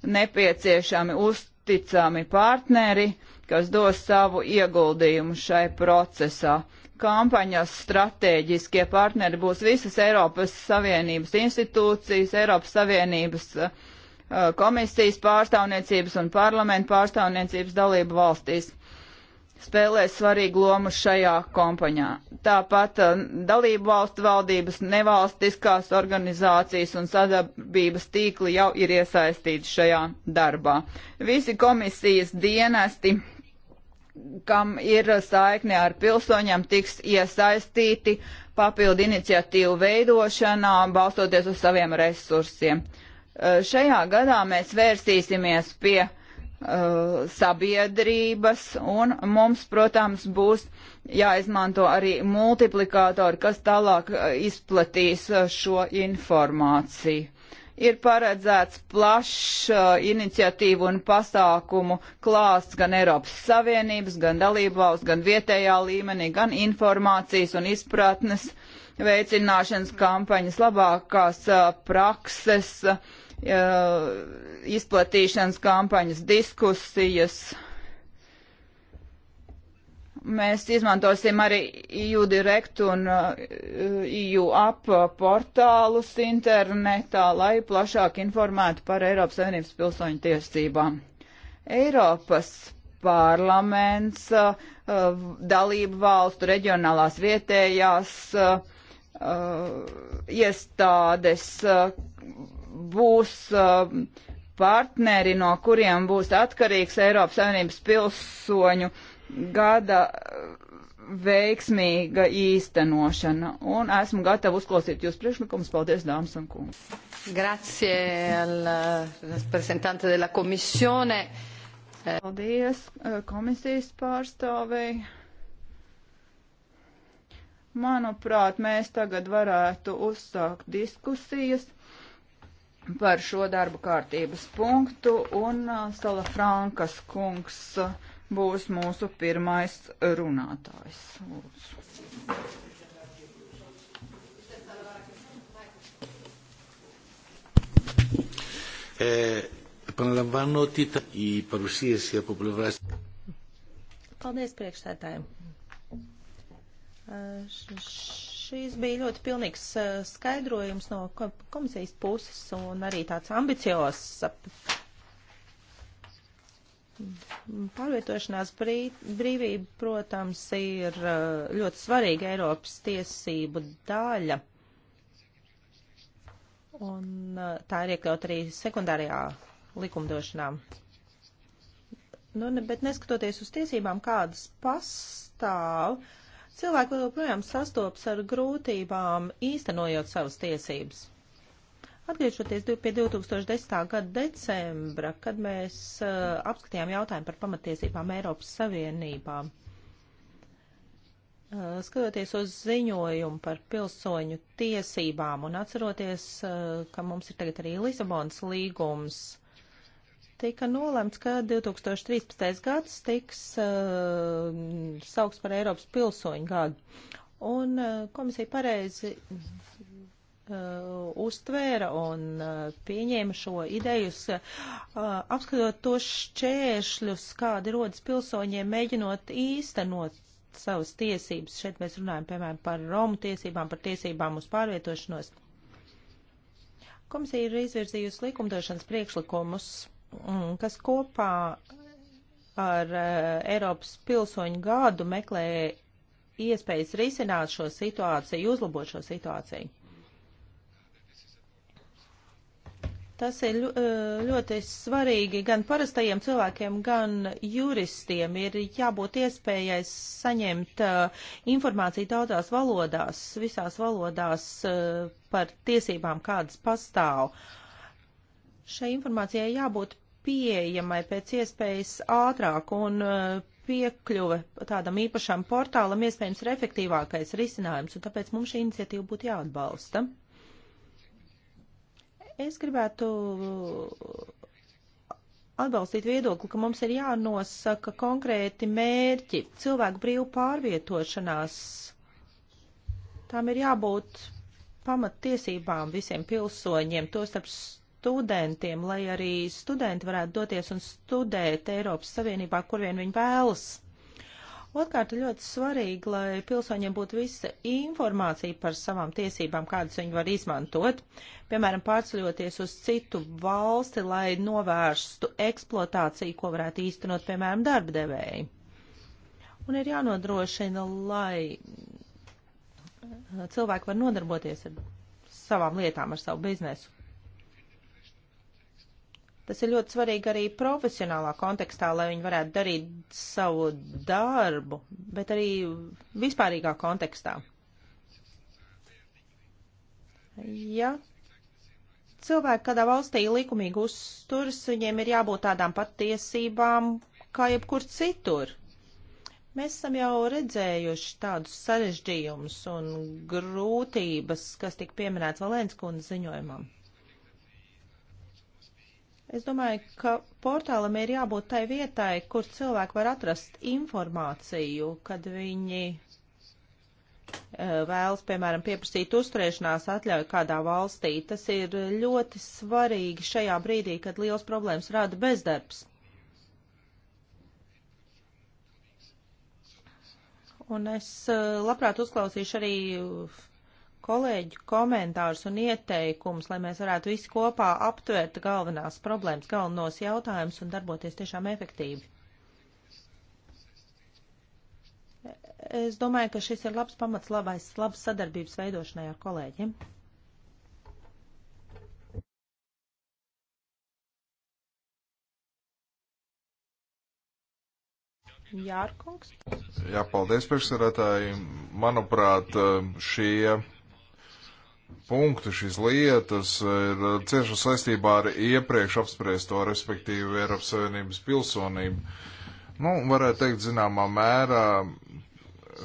S3: nepieciešami uzticami partneri, kas dos savu ieguldījumu šai procesā kampaņas stratēģiskie partneri būs visas Eiropas Savienības institūcijas, Eiropas Savienības eh, eh, komisijas pārstāvniecības un parlamentu pārstāvniecības dalību valstīs spēlēs svarīgu lomu šajā kompaņā. Tāpat eh, dalību valstu valdības, nevalstiskās organizācijas un sadarbības tīkli jau ir iesaistīti šajā darbā. Visi komisijas dienesti kam ir saikne ar pilsoņiem, tiks iesaistīti papildu iniciatīvu veidošanā, balstoties uz saviem resursiem. Eh, šajā gadā mēs vērsīsimies pie uh, sabiedrības, un mums, protams, būs jāizmanto arī multiplikātori, kas tālāk eh, izplatīs šo informāciju ir paredzēts plašs uh, iniciatīvu un pasākumu klāsts gan Eiropas Savienības, gan dalībvalsts, gan vietējā līmenī, gan informācijas un izpratnes veicināšanas kampaņas, labākās uh, prakses uh, izplatīšanas kampaņas, diskusijas mēs izmantosim arī EU Direct un uh, EU App portālus internetā, lai plašāk informētu par Eiropas Savienības pilsoņu tiesībām. Eiropas parlaments, uh, dalību valstu reģionālās vietējās uh, iestādes būs partneri, no kuriem būs atkarīgs Eiropas Savienības pilsoņu uh, gada eh, veiksmīga īstenošana. Un esmu gatava uzklausīt jūs priekšlikumus. Paldies, dāmas un kungi. Grazie al eh, reprezentante della komisione. Eh, Paldies komisijas pārstāvei. Manuprāt, mēs tagad varētu uzsākt diskusijas par šo darba kārtības punktu un Sala Frankas kungs. Uh, būs mūsu pirmais runātājs. Lūdzu.
S2: Ε, επαναλαμβάνω ότι η παρουσίαση από πλευρά. Paldies priekšsētājiem. Šīs bija ļoti pilnīgs skaidrojums no komisijas puses un arī tāds ambiciozs Pārvietošanās brīvība, protams, ir uh, ļoti svarīga Eiropas tiesību daļa. Un uh, tā ir iekļaut arī sekundārajā likumdošanā. Nu, ne, bet neskatoties uz tiesībām, kādas pastāv, cilvēki joprojām sastopas ar grūtībām īstenojot savas tiesības. Atgriežoties pie 2010. gada decembra, kad mēs uh, apskatījām jautājumu par pamatiesībām Eiropas Savienībā, uh, skatoties uz ziņojumu par pilsoņu tiesībām un atceroties, uh, ka mums ir tagad arī Lisabonas līgums, tika nolemts, ka 2013. gads tiks uh, saukts par Eiropas pilsoņu gadu. Un uh, komisija pareizi Uh, uztvēra un uh, pieņēma šo ideju, uh, apskatot tos šķēršļus, kādi rodas pilsoņiem, mēģinot īstenot savas tiesības. Šeit mēs runājam, piemēram, par Romu tiesībām, par tiesībām uz pārvietošanos. Komisija ir izvirzījusi likumdošanas priekšlikumus, mm, kas kopā ar Eiropas pilsoņu gadu meklē iespējas risināt šo situāciju, uzlabot šo situāciju. Tas ir ļoti svarīgi gan parastajiem cilvēkiem, gan juristiem. Ir jābūt iespējai saņemt uh, informāciju daudzās valodās, visās valodās uh, par tiesībām, kādas pastāv. Šai informācijai jābūt pieejamai pēc iespējas ātrāk un uh, piekļuve tādam īpašam portālam iespējams ir efektīvākais risinājums, un tāpēc mums šī iniciatīva būtu jāatbalsta. Es gribētu atbalstīt viedokli, ka mums ir jānosaka konkrēti mērķi cilvēku brīvu pārvietošanās. Tām ir jābūt pamattiesībām visiem pilsoņiem, tostarp studentiem, lai arī studenti varētu doties un studēt Eiropas Savienībā, kur vien viņi vēlas. Otkārt, ir ļoti svarīgi, lai pilsoņiem būtu visa informācija par savām tiesībām, kādas viņi var izmantot. Piemēram, pārceļoties uz citu valsti, lai novērstu eksploatāciju, ko varētu īstenot, piemēram, darbdevēji. Un ir jānodrošina, lai uh, cilvēki var nodarboties ar savām lietām, ar savu biznesu. Tas ir ļoti svarīgi arī profesionālā kontekstā, lai viņi varētu darīt savu darbu, bet arī vispārīgā kontekstā. Ja cilvēki kādā valstī likumīgi uzturs, viņiem ir jābūt tādām pat tiesībām kā jebkur citur. Mēs esam jau redzējuši tādus sarežģījumus un grūtības, kas tika pieminēts Valēns kundzes ziņojumam. Es domāju, ka portālam ir jābūt tai vietai, kur cilvēki var atrast informāciju, kad viņi eh, vēlas, piemēram, pieprasīt uzturēšanās atļauju kādā valstī. Tas ir ļoti svarīgi šajā brīdī, kad liels problēmas rada bezdarbs. Un es eh, labprāt uzklausīšu arī kolēģu komentārus un ieteikumus, lai mēs varētu visi kopā aptvērt galvenās problēmas, galvenos jautājumus un darboties tiešām efektīvi. Es domāju, ka šis ir labs pamats labais, labas sadarbības veidošanai ar kolēģiem. Jārkungs.
S1: Jā, paldies priekšsarētāji. Manuprāt, šie punktu šīs lietas ir uh, cieši saistībā ar iepriekš apspriesto, respektīvi Eiropas Savienības pilsonību. Nu, varētu teikt, zināmā mērā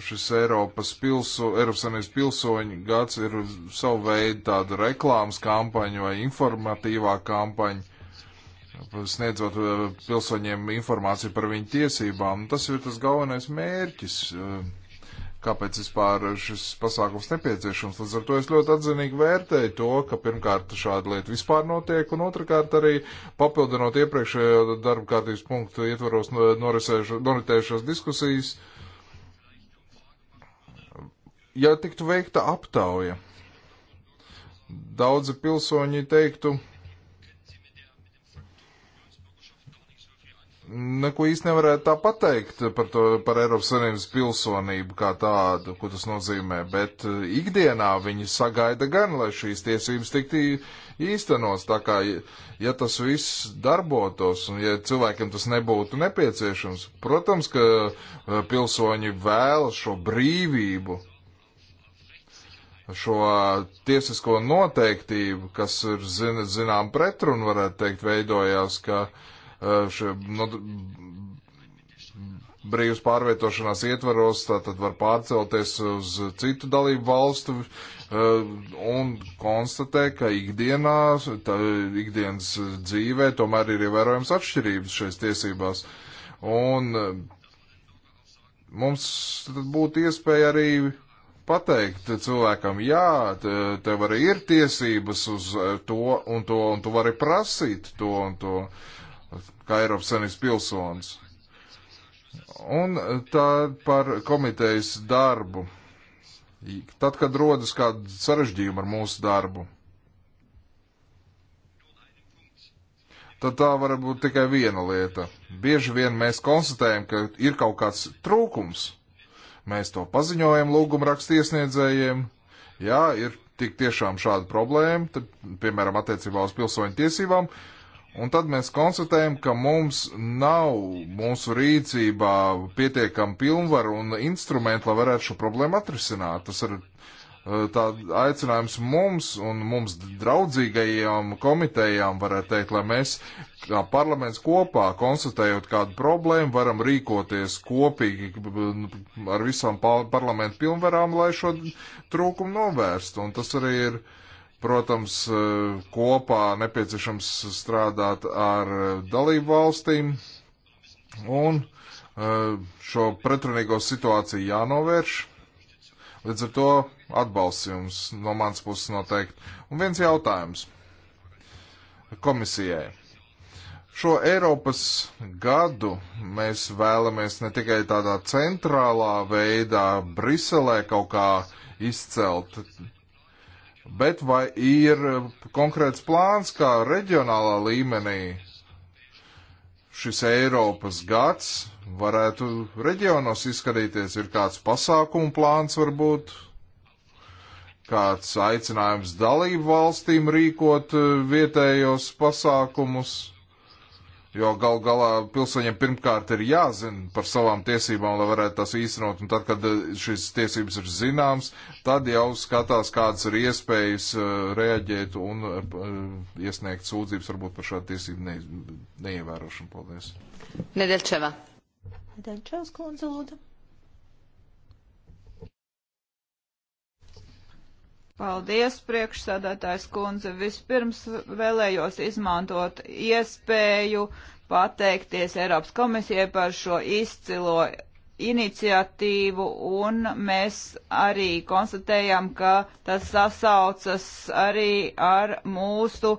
S1: šis Eiropas, pilso, Eiropas Savienības pilsoņu gads ir savu veidu tāda reklāmas kampaņa vai informatīvā kampaņa sniedzot uh, pilsoņiem informāciju par viņu tiesībām. Tas ir tas galvenais mērķis uh, kāpēc vispār šis pasākums nepieciešams. Līdz ar to es ļoti atzinīgi vērtēju to, ka pirmkārt šāda lieta vispār notiek, un otrkārt arī papildinot iepriekšējo darba kārtības punktu ietvaros noritējušās diskusijas, ja tiktu veikta aptauja. Daudzi pilsoņi teiktu, neko īsti nevarētu tā pateikt par, to, par Eiropas Savienības pilsonību kā tādu, ko tas nozīmē, bet eh, ikdienā viņi sagaida gan, lai šīs tiesības tiktu īstenos, tā kā, ja tas viss darbotos un ja cilvēkiem tas nebūtu nepieciešams, protams, ka eh, pilsoņi vēlas šo brīvību, šo tiesisko noteiktību, kas ir, zin, zinām, pretrunu, varētu teikt, veidojās, ka uh, Eh, še, no, brīvas pārvietošanās ietvaros, tātad var pārcelties uz citu dalību valstu eh, un konstatē, ka ikdienā, tā, ikdienas dzīvē tomēr ir ievērojams atšķirības šais tiesībās. Un eh, mums būtu iespēja arī pateikt cilvēkam, jā, tev arī ir tiesības uz to un to, un tu vari prasīt to un to. Uh, kā Eiropas Savienības pilsonis. Un e, tad par komitejas darbu. Tad, kad rodas kāda sarežģījuma ar mūsu darbu, tad tā var būt tikai viena lieta. Bieži vien mēs konstatējam, ka ir kaut kāds trūkums. Mēs to paziņojam lūguma rakstiesniedzējiem. Jā, ir tik tiešām šāda problēma, tad, piemēram, attiecībā uz pilsoņu tiesībām, uh, Un tad mēs konstatējam, ka mums nav mūsu rīcībā pietiekami pilnvaru un instrumentu, lai varētu šo problēmu atrisināt. Tas ir eh, tā aicinājums mums un mums draudzīgajām komitejām, varētu teikt, lai mēs kā parlaments kopā, konstatējot kādu problēmu, varam rīkoties kopīgi mm, ar visām parlamentu pilnvarām, lai šo trūkumu novērstu. Un tas arī ir uh, Protams, e, kopā nepieciešams strādāt ar e, dalību valstīm un e, šo pretrunīgo situāciju jānovērš. Līdz ar to atbalsts jums no mans puses noteikti. Un viens jautājums komisijai. Šo Eiropas gadu mēs vēlamies ne tikai tādā centrālā veidā Briselē kaut kā izcelt, Bet vai ir eh, konkrēts plāns, kā reģionālā līmenī šis Eiropas gads varētu reģionos izskatīties? Ir kāds pasākumu plāns varbūt, kāds aicinājums dalību valstīm rīkot eh, vietējos pasākumus? Jo gal galā pilsoņiem pirmkārt ir jāzina par savām tiesībām, lai varētu tās īstenot, un tad, kad eh, šīs tiesības ir zināmas, tad jau skatās, kādas ir iespējas eh, reaģēt un eh, iesniegt sūdzības varbūt par šādu tiesību ne, neievērošanu. Paldies.
S2: Nedelčeva. Nedelčevas kundze, lūdzu.
S3: Paldies, priekšsādātājs kundze. Vispirms vēlējos izmantot iespēju pateikties Eiropas komisijai par šo izcilo iniciatīvu, un mēs arī konstatējam, ka tas sasaucas arī ar mūsu,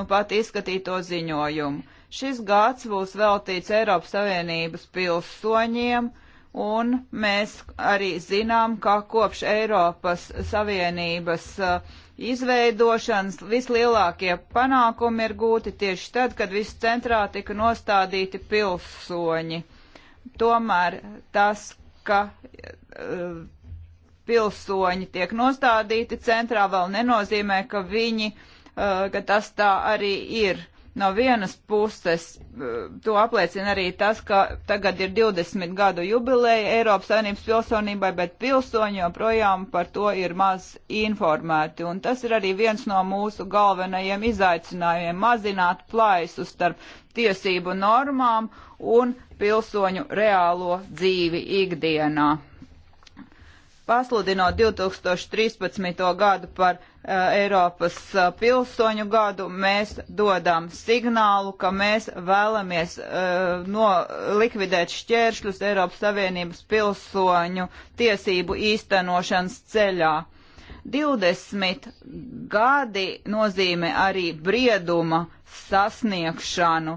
S3: nu pat izskatīto ziņojumu. Šis gads būs veltīts Eiropas Savienības pilsoņiem, uh, Un mēs arī zinām, ka kopš Eiropas Savienības uh, izveidošanas vislielākie panākumi ir gūti tieši tad, kad viss centrā tika nostādīti pilsoņi. Tomēr tas, ka uh, pilsoņi tiek nostādīti centrā, vēl nenozīmē, ka viņi, uh, ka tas tā arī ir No vienas puses eh, to apliecina arī tas, ka tagad ir 20 gadu jubileja Eiropas Savienības pilsonībai, bet pilsoņi joprojām par to ir maz informēti. Un tas ir arī viens no mūsu galvenajiem izaicinājumiem - mazināt plaisu starp tiesību normām un pilsoņu reālo dzīvi ikdienā pasludinot 2013. gadu par uh, Eiropas uh, pilsoņu gadu, mēs dodam signālu, ka mēs vēlamies uh, no, likvidēt šķēršļus Eiropas Savienības pilsoņu tiesību īstenošanas ceļā. 20 gadi nozīmē arī brieduma sasniegšanu,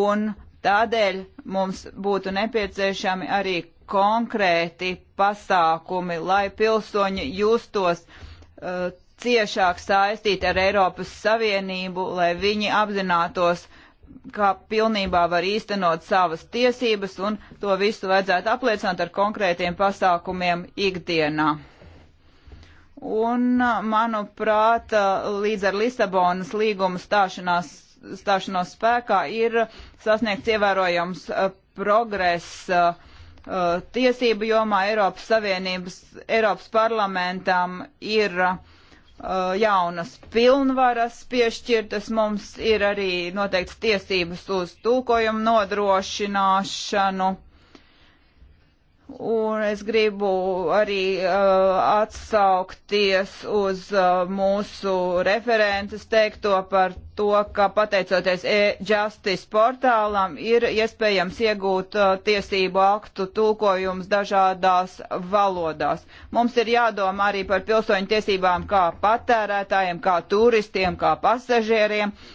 S3: un tādēļ mums būtu nepieciešami arī konkrēti pasākumi, lai pilsoņi justos uh, ciešāk saistīti ar Eiropas Savienību, lai viņi apzinātos, kā pilnībā var īstenot savas tiesības, un to visu vajadzētu apliecināt ar konkrētiem pasākumiem ikdienā. Un, uh, manuprāt, uh, līdz ar Lisabonas līgumu stāšanās, stāšanos spēkā ir sasniegts ievērojams uh, progress uh, tiesību jomā Eiropas Savienības, Eiropas parlamentam ir uh, jaunas pilnvaras piešķirtas, mums ir arī noteikts tiesības uz tulkojumu nodrošināšanu Un es gribu arī uh, atsaukties uz uh, mūsu referentes teikto par to, ka pateicoties e-justice portālam ir iespējams iegūt uh, tiesību aktu tulkojums dažādās valodās. Mums ir jādomā arī par pilsoņu tiesībām kā patērētājiem, kā turistiem, kā pasažieriem. Uh,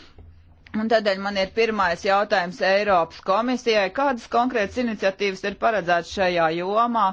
S3: Un tādēļ man ir pirmais jautājums Eiropas komisijai. Kādas konkrētas iniciatīvas ir paredzētas šajā jomā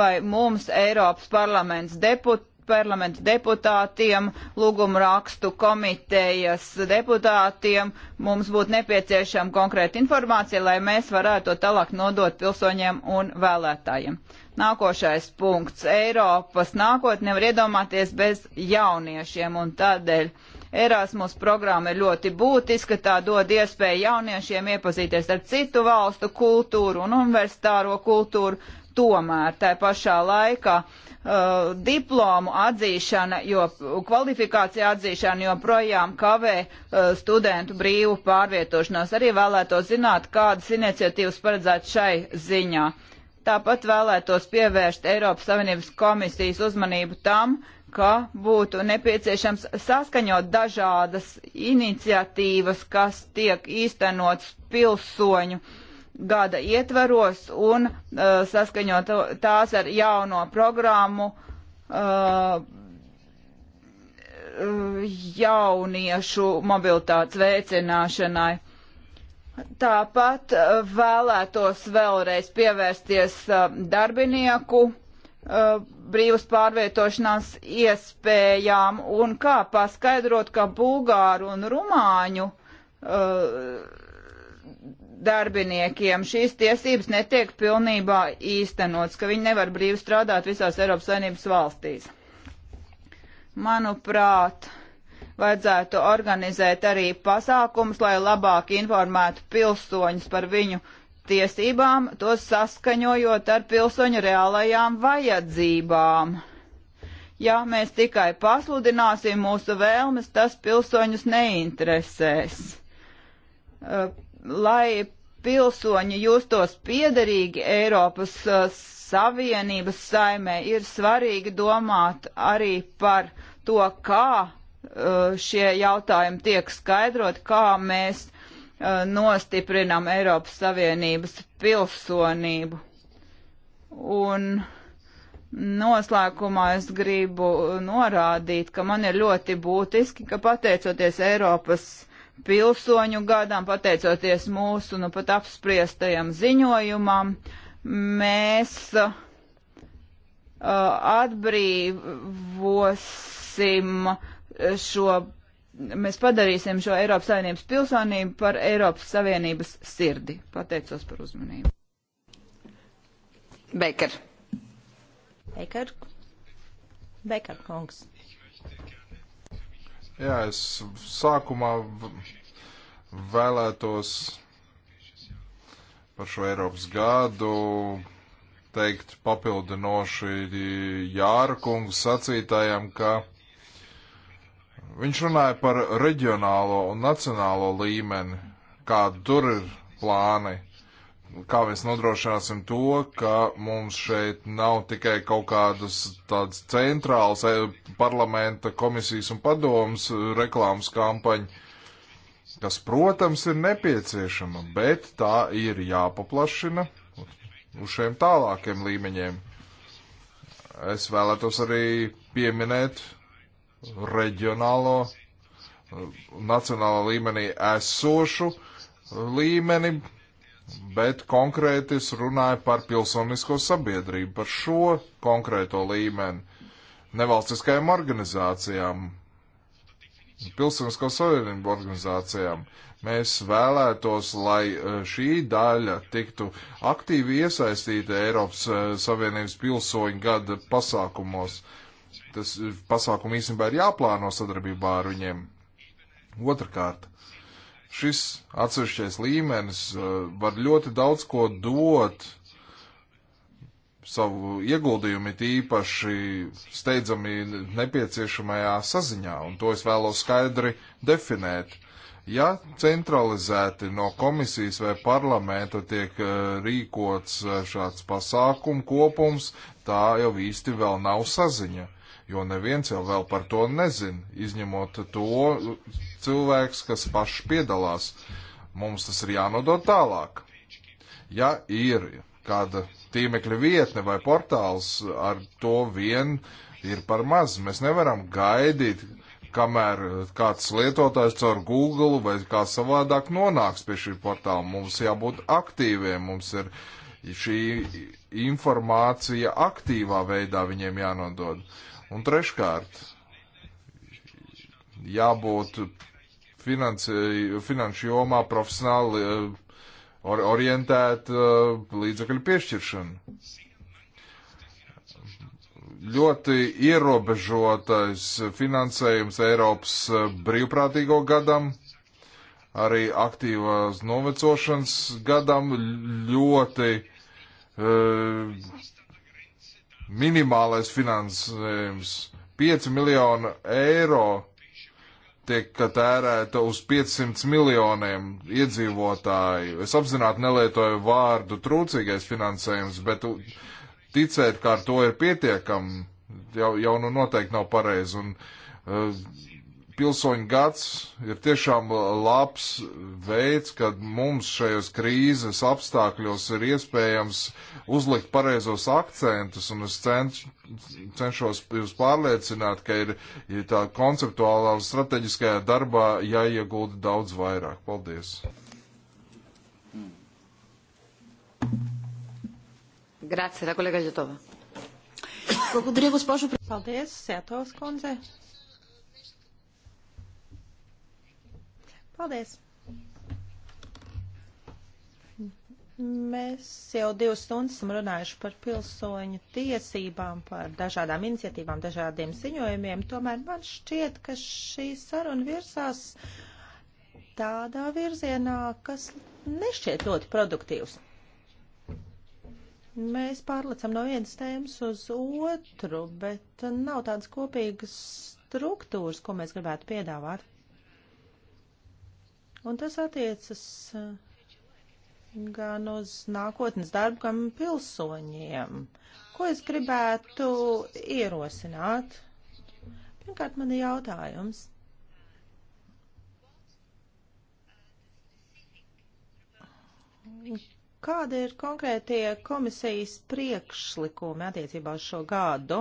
S3: vai mums Eiropas parlaments deputāti? parlamentu deputātiem, lūgumu rakstu komitejas deputātiem. Mums būtu nepieciešama konkrēta informācija, lai mēs varētu to tālāk nodot pilsoņiem un vēlētājiem. Nākošais punkts. Eiropas nākotne nevar iedomāties bez jauniešiem un tādēļ Erasmus programma ir ļoti būtiska, tā dod iespēju jauniešiem iepazīties ar citu valstu kultūru un universitāro kultūru. Tomēr tā pašā laikā uh, diplomu atzīšana, jo kvalifikācija atzīšana joprojām kavē uh, studentu brīvu pārvietošanos. Arī vēlētos zināt, kādas iniciatīvas paredzēt šai ziņā. Tāpat vēlētos pievērst Eiropas Savienības komisijas uzmanību tam, ka būtu nepieciešams saskaņot dažādas iniciatīvas, kas tiek īstenots pilsoņu gada ietvaros un uh, saskaņot tās ar jauno programmu uh, jauniešu mobilitātes veicināšanai. Tāpat uh, vēlētos vēlreiz pievērsties uh, darbinieku Uh, brīvas pārvietošanās iespējām un kā paskaidrot, ka bulgāru un rumāņu uh, darbiniekiem šīs tiesības netiek pilnībā īstenots, ka viņi nevar brīvi strādāt visās Eiropas Savienības valstīs. Manuprāt, vajadzētu organizēt arī pasākumus, lai labāk informētu pilsoņus par viņu tiesībām, to saskaņojot ar pilsoņu reālajām vajadzībām. Ja mēs tikai pasludināsim mūsu vēlmes, tas pilsoņus neinteresēs. Uh, lai pilsoņi justos piederīgi Eiropas uh, Savienības saimē, ir svarīgi domāt arī par to, kā uh, šie jautājumi tiek skaidrot, kā mēs Uh, nostiprinam Eiropas Savienības pilsonību. Un noslēgumā es gribu norādīt, ka man ir ļoti būtiski, ka pateicoties Eiropas pilsoņu gadām, pateicoties mūsu nu pat apspriestajam ziņojumam, mēs uh, atbrīvosim šo mēs padarīsim šo Eiropas Savienības pilsonību par Eiropas Savienības sirdi. Pateicos par uzmanību. Beker. Beker. Beker kungs.
S1: Jā, es sākumā vēlētos par šo Eiropas gadu teikt papildinoši Jāra kungu sacītājiem, ka Viņš runāja par reģionālo un nacionālo līmeni, kādi tur ir plāni, kā mēs nodrošināsim to, ka mums šeit nav tikai kaut kādas tādas centrālas e, parlamenta komisijas un padomas e, reklāmas kampaņa, kas, protams, ir nepieciešama, bet tā ir jāpaplašina uz šiem tālākiem līmeņiem. Es vēlētos arī pieminēt reģionālo, nacionālā līmenī esošu līmeni, bet konkrēti es runāju par pilsonisko sabiedrību, par šo konkrēto līmeni, nevalstiskajām organizācijām, pilsonisko savienību organizācijām. Mēs vēlētos, lai eh, šī daļa tiktu aktīvi iesaistīta Eiropas eh, Savienības pilsoņu gada pasākumos. Uh, tas pasākumi īstenībā ir jāplāno sadarbībā ar viņiem. Otrakārt, šis atsevišķais līmenis uh, var ļoti daudz ko dot savu ieguldījumu tīpaši steidzami nepieciešamajā saziņā, un to es vēlos skaidri definēt. Ja centralizēti no komisijas vai parlamenta tiek uh, rīkots uh, šāds pasākumu kopums, tā jau īsti vēl nav saziņa jo neviens jau vēl par to nezin, izņemot to cilvēks, kas paši piedalās. Mums tas ir jānodot tālāk. Ja ir kāda tīmekļa vietne vai portāls, ar to vien ir par maz. Mēs nevaram gaidīt, kamēr kāds lietotājs caur Google vai kā savādāk nonāks pie šī portāla. Mums jābūt aktīviem, mums ir šī informācija aktīvā veidā viņiem jānodod. Un treškārt, jābūt finansi, finanšu jomā profesionāli eh, or, orientēt eh, līdzekļu piešķiršanu. Ļoti ierobežotais finansējums Eiropas eh, brīvprātīgo gadam, arī aktīvās novecošanas gadam ļoti uh, minimālais finansējums 5 miljonu eiro tiek tērēta uz 500 miljoniem iedzīvotāju. Es apzināti nelietoju vārdu trūcīgais finansējums, bet ticēt, kā ar to ir pietiekami, jau, jau nu noteikti nav pareizi. Un, uh, pilsoņu gads ir tiešām uh, labs veids, kad mums šajos krīzes apstākļos ir iespējams uzlikt pareizos akcentus, un es cenš, cenšos jūs pārliecināt, ka ir, ir tā konceptuālā un strateģiskajā darbā jāiegulda daudz vairāk. Paldies! Grazie,
S2: kolēģa Jotova. Paldies, Sētovs kundze. Paldies! Mēs jau divas stundas esam runājuši par pilsoņu tiesībām, par dažādām iniciatīvām, dažādiem ziņojumiem. Tomēr man šķiet, ka šī saruna virsās tādā virzienā, kas nešķiet ļoti produktīvs. Mēs pārlecam no vienas tēmas uz otru, bet nav tādas kopīgas struktūras, ko mēs gribētu piedāvāt. Un tas attiecas eh, gan uz nākotnes darbu, gan pilsoņiem. Ko es gribētu ierosināt? Pirmkārt, man ir jautājums. Kāda ir konkrētie komisijas priekšlikumi attiecībā uz šo gadu?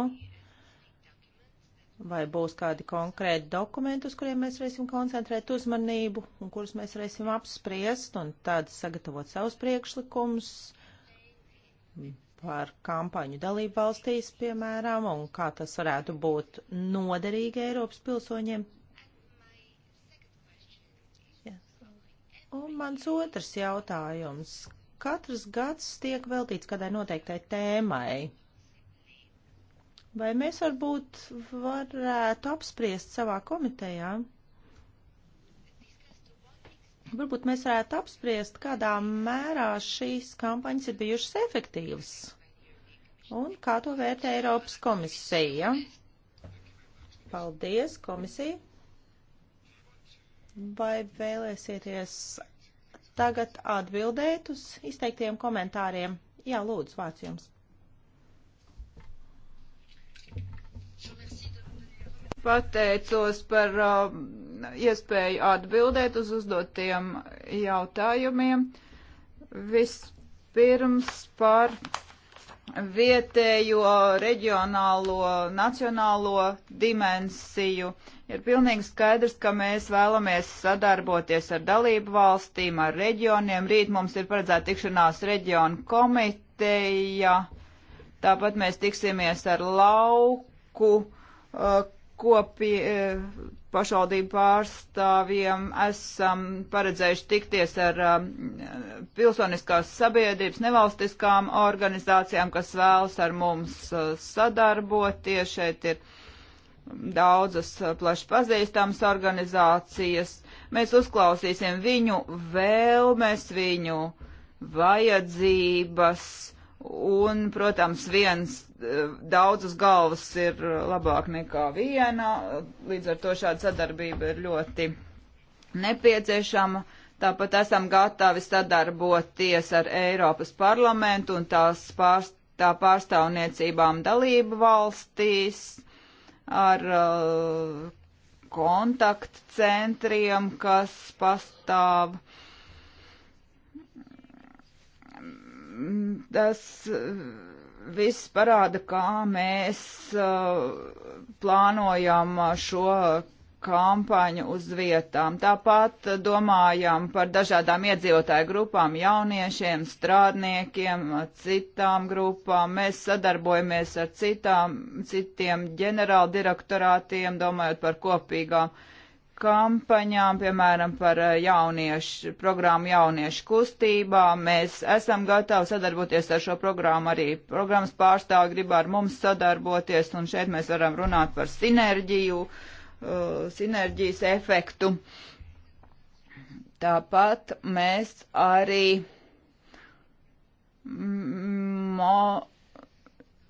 S2: vai būs kādi konkrēti dokumenti, uz kuriem mēs varēsim koncentrēt uzmanību un kurus mēs varēsim apspriest un tad sagatavot savus priekšlikumus par kampaņu dalību valstīs, piemēram, un kā tas varētu būt noderīgi Eiropas pilsoņiem. Jā. Un mans otrs jautājums. Katrs gads tiek veltīts kādai noteiktai tēmai Vai mēs varbūt varētu apspriest savā komitejā? Varbūt mēs varētu apspriest, kādā mērā šīs kampaņas ir bijušas efektīvas un kā to vērtē Eiropas komisija. Paldies, komisija. Vai vēlēsieties tagad atbildēt uz izteiktiem komentāriem? Jā, lūdzu, vārds jums.
S3: pateicos par uh, iespēju atbildēt uz uzdotiem jautājumiem. Vispirms par vietējo, reģionālo, nacionālo dimensiju. Ir pilnīgi skaidrs, ka mēs vēlamies sadarboties ar dalību valstīm, ar reģioniem. Rīt mums ir paredzēta tikšanās reģionu komiteja. Tāpat mēs tiksimies ar lauku uh, kopie eh, pašvaldību pārstāvjiem esam paredzējuši tikties ar eh, pilsoniskās sabiedrības nevalstiskām organizācijām, kas vēlas ar mums eh, sadarboties. Šeit ir daudzas plaši pazīstamas organizācijas. Mēs uzklausīsim viņu vēlmes, viņu vajadzības Un, protams, viens eh, daudzas galvas ir labāk nekā viena, līdz ar to šāda sadarbība ir ļoti nepieciešama. Tāpat esam gatavi sadarboties ar Eiropas parlamentu un tās pārst tā pārstāvniecībām dalību valstīs, ar uh, kontaktcentriem, kas pastāv. Uh, tas eh, viss parāda, kā mēs eh, plānojam šo kampaņu uz vietām. Tāpat domājam par dažādām iedzīvotāju grupām, jauniešiem, strādniekiem, citām grupām. Mēs sadarbojamies ar citām, citiem ģenerāldirektorātiem, domājot par kopīgām uh, kampaņām, piemēram, par eh, jauniešu, programmu jauniešu kustībā. Mēs esam gatavi sadarboties ar šo programmu, arī programmas pārstāvi grib ar mums sadarboties, un šeit mēs varam runāt par sinerģiju, eh, sinerģijas efektu. Tāpat mēs arī mo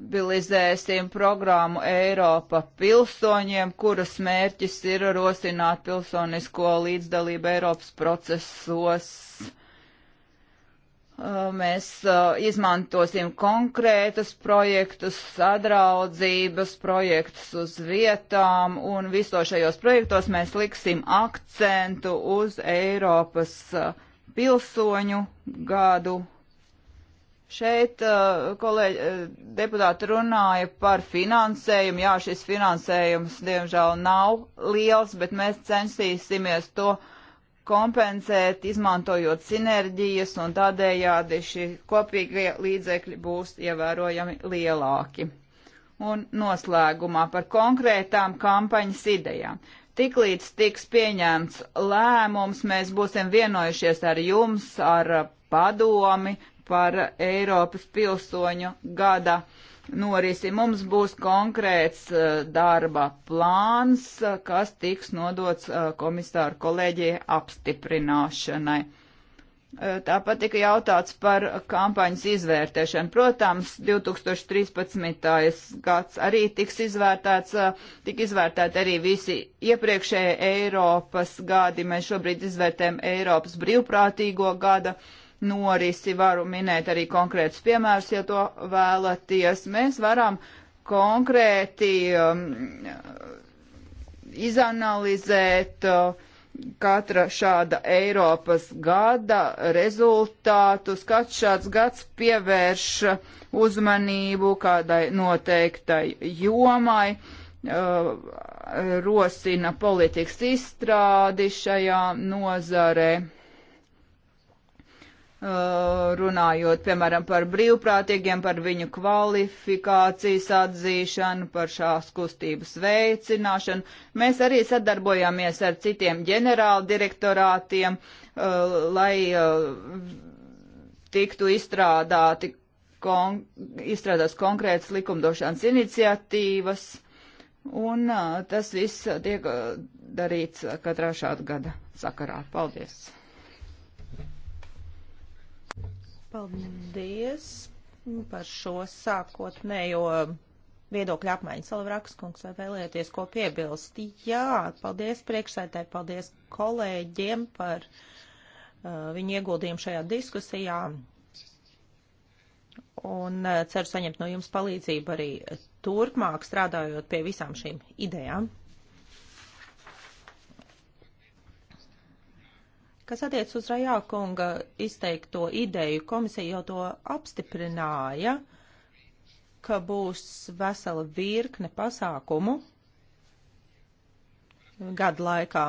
S3: mobilizēsim programmu Eiropa pilsoņiem, kuras mērķis ir rosināt pilsonisko līdzdalību Eiropas procesos. Uh, mēs uh, izmantosim konkrētus projektus, sadraudzības projektus uz vietām, un viso šajos projektos mēs liksim akcentu uz Eiropas uh, pilsoņu gadu Šeit uh, kolēģi uh, deputāti runāja par finansējumu. Jā, šis finansējums diemžēl nav liels, bet mēs censīsimies to kompensēt, izmantojot sinerģijas, un tādējādi šie kopīgie līdzekļi būs ievērojami lielāki. Un noslēgumā par konkrētām kampaņas idejām. Tiklīdz tiks pieņemts lēmums, mēs būsim vienojušies ar jums, ar uh, padomi, par Eiropas pilsoņu gada norisi. Mums būs konkrēts uh, darba plāns, uh, kas tiks nodots uh, komisāru kolēģijai apstiprināšanai. Tāpat tika jautāts par kampaņas izvērtēšanu. Protams, 2013. gads arī tiks izvērtēts, tika izvērtēti arī visi iepriekšējie Eiropas gadi. Mēs šobrīd izvērtējam Eiropas brīvprātīgo gada uh, norisi, varu minēt arī konkrētus piemērus, ja to vēlaties. Mēs varam konkrēti um, izanalizēt uh, katra šāda Eiropas gada rezultātus, kāds šāds gads pievērš uzmanību kādai noteiktai jomai, uh, rosina politikas izstrādi šajā nozarē. Eh, runājot, piemēram, par brīvprātīgiem, par viņu kvalifikācijas atzīšanu, par šās kustības veicināšanu. Mēs arī sadarbojāmies ar citiem ģenerāla direktorātiem, eh, lai eh, tiktu izstrādāti, kon, izstrādās konkrētas likumdošanas iniciatīvas, un tas viss tiek darīts katrā šāda gada sakarā. Paldies!
S2: Paldies par šo sākotnējo viedokļu apmaiņu. Salavrakas kungs, vai vēlēties ko piebilst? Jā, paldies priekšsētāji, paldies kolēģiem par uh, viņu ieguldījumu šajā diskusijā. Un uh, ceru saņemt no jums palīdzību arī turpmāk strādājot pie visām šīm idejām. Kas attiec uz Rajākunga izteikto ideju, komisija jau to apstiprināja, ka būs vesela virkne pasākumu gadu laikā.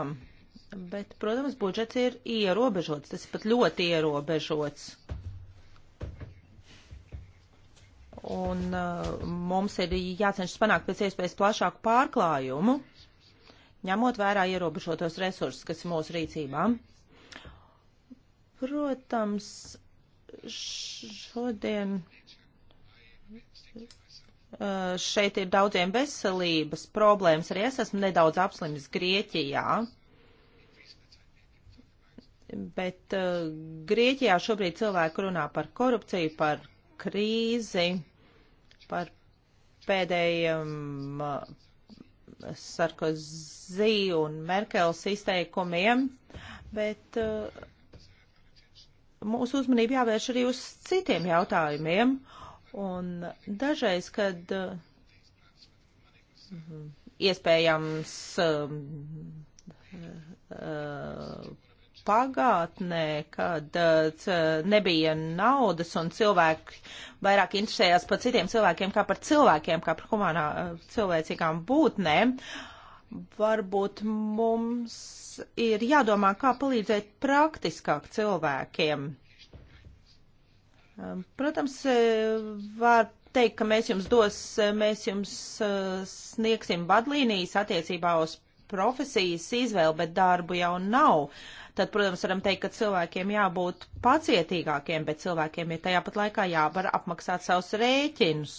S2: Bet, protams, budžets ir ierobežots, tas ir pat ļoti ierobežots. Un uh, mums ir jācenšas panākt pēc iespējas plašāku pārklājumu, ņemot vērā ierobežotos resursus, kas ir mūsu rīcībām. Protams, šodien šeit ir daudziem veselības problēmas. Arī es esmu nedaudz apslimis Grieķijā. Bet uh, Grieķijā šobrīd cilvēki runā par korupciju, par krīzi, par pēdējiem uh, Sarkozī un Merkels izteikumiem. Bet uh, mūsu uzmanība jāvērš arī uz citiem jautājumiem. Un dažreiz, kad mhm, iespējams mhm, eh, pagātnē, kad eh, nebija naudas un cilvēki vairāk interesējās par citiem cilvēkiem kā par cilvēkiem, kā par humanā eh, cilvēcīgām būtnēm, uh, Varbūt mums ir jādomā, kā palīdzēt praktiskāk cilvēkiem. Ehm, protams, e, var teikt, ka mēs jums dos, e, mēs jums e, sniegsim vadlīnijas attiecībā uz profesijas izvēli, bet darbu jau nav. Tad, protams, varam teikt, ka cilvēkiem jābūt pacietīgākiem, bet cilvēkiem ir tajā pat laikā jāvar apmaksāt savus rēķinus.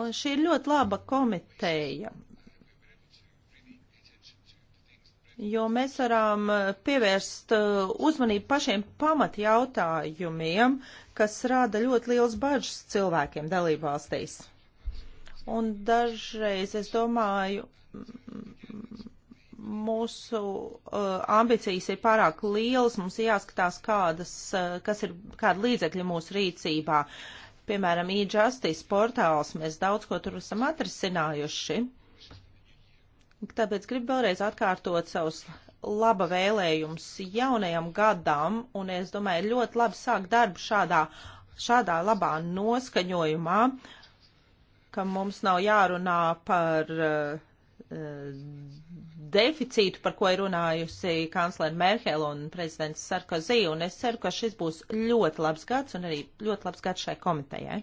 S2: Un šī ir ļoti laba komiteja, jo mēs varam eh, pievērst eh, uzmanību pašiem pamatjautājumiem, kas rada ļoti liels bažas cilvēkiem dalībvalstīs. Un dažreiz es domāju, mūsu uh, ambīcijas ir pārāk lielas, mums jāskatās, kādas, uh, kas ir, kāda līdzekļa mūsu rīcībā. Piemēram, e-justice portāls, mēs daudz ko tur esam atrisinājuši. Tāpēc gribu vēlreiz atkārtot savus laba vēlējums jaunajam gadam, un es domāju, ļoti labi sāk darbu šādā, šādā labā noskaņojumā, ka mums nav jārunā par uh, Eh, deficītu, par ko ir runājusi kanclere Merkele un prezidents Sarkozy, un es ceru, ka šis būs ļoti labs gads un arī ļoti labs gads šai komitejai.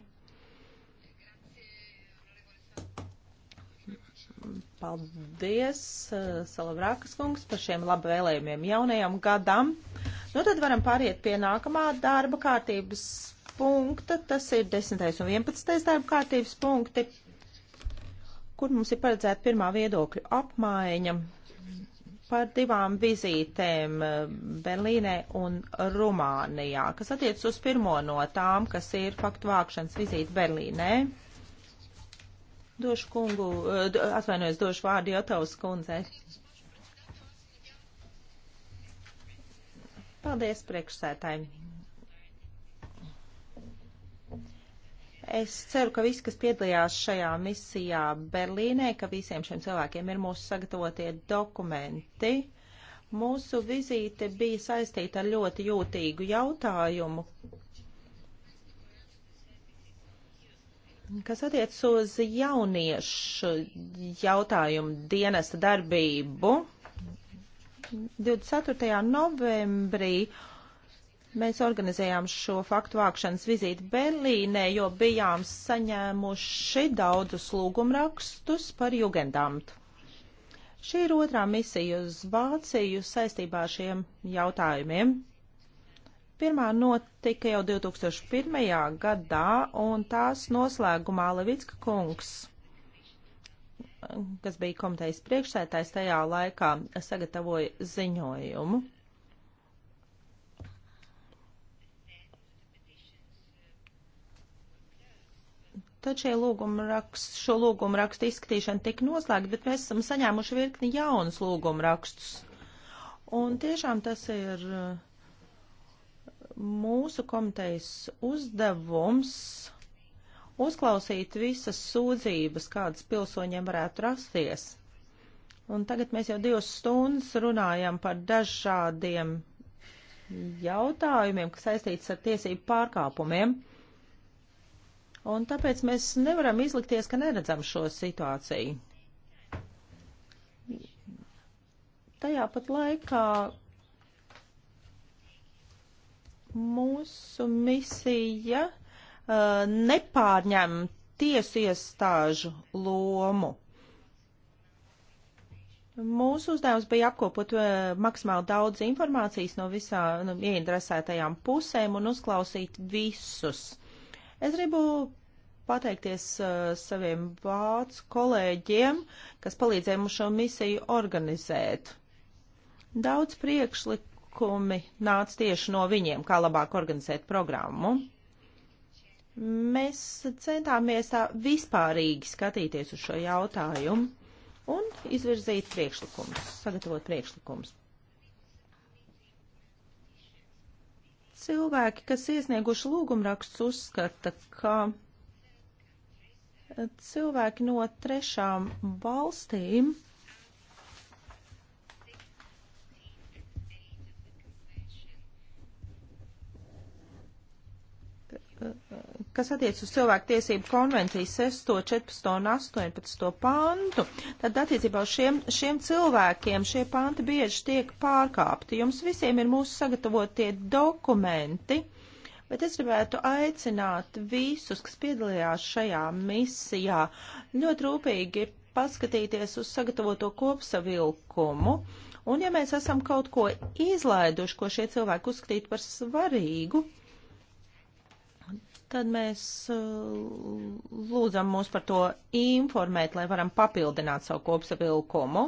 S2: Paldies, eh, Salavrākas kungs, par šiem labvēlējumiem jaunajam gadam. Nu, tad varam pāriet pie nākamā darba kārtības punkta. Tas ir 10. un 11. darba kārtības punkti kur mums ir paredzēta pirmā viedokļa apmaiņa par divām vizītēm eh, Berlīnē un Rumānijā, kas attiec uz pirmo no tām, kas ir faktu vākšanas vizīte Berlīnē. Došu kungu, eh, atvainojos, došu vārdu Jotovas kundzei. Paldies priekšsētājiem. Es ceru, ka visi, kas piedalījās šajā misijā Berlīnē, ka visiem šiem cilvēkiem ir mūsu sagatavotie dokumenti. Mūsu vizīte bija saistīta ar ļoti jūtīgu jautājumu, kas attiec uz jauniešu jautājumu dienesta darbību. 24. novembrī uh, Mēs organizējām šo faktu vākšanas vizīti Berlīnē, jo bijām saņēmuši daudzus lūgumrakstus par Jugendamtu. Šī ir otrā misija uz Vāciju saistībā ar šiem jautājumiem. Pirmā notika jau 2001. gadā, un tās noslēgumā Levitska kungs, kas bija komitejas priekšsētājs tajā laikā, sagatavoja ziņojumu. Tad šie lūguma rakst, šo lūguma rakstu izskatīšana tika noslēgta, bet mēs esam saņēmuši virkni jaunus lūguma rakstus. Un tiešām tas ir uh, mūsu komitejas uzdevums uzklausīt visas sūdzības, kādas pilsoņiem varētu rasties. Un tagad mēs jau divas stundas runājam par dažādiem jautājumiem, kas saistīts ar tiesību pārkāpumiem. Un tāpēc mēs nevaram izlikties, ka neredzam šo situāciju. Tajā pat laikā mūsu misija uh, nepārņem tiesu iestāžu lomu. Mūsu uzdevums bija apkopot uh, maksimāli daudz informācijas no visām nu, ieinteresētajām pusēm un uzklausīt visus. Es gribu pateikties uh, saviem vācu kolēģiem, kas palīdzēja mums šo misiju organizēt. Daudz priekšlikumi nāca tieši no viņiem, kā labāk organizēt programmu. Mēs centāmies tā vispārīgi skatīties uz šo jautājumu un izvirzīt priekšlikumus, sagatavot priekšlikumus. Cilvēki, kas iesnieguši lūgumrakstus, uzskata, ka cilvēki no trešām valstīm kas attiec uz cilvēku tiesību konvencijas 6, 14 un 18 pantu, tad attiecībā uz šiem, šiem cilvēkiem šie panti bieži tiek pārkāpti. Jums visiem ir mūsu sagatavotie dokumenti, bet es gribētu aicināt visus, kas piedalījās šajā misijā, ļoti rūpīgi paskatīties uz sagatavoto kopsavilkumu. Un ja mēs esam kaut ko izlaiduši, ko šie cilvēki uzskatītu par svarīgu, tad mēs uh, lūdzam mūs par to informēt, lai varam papildināt savu kopsavilkumu.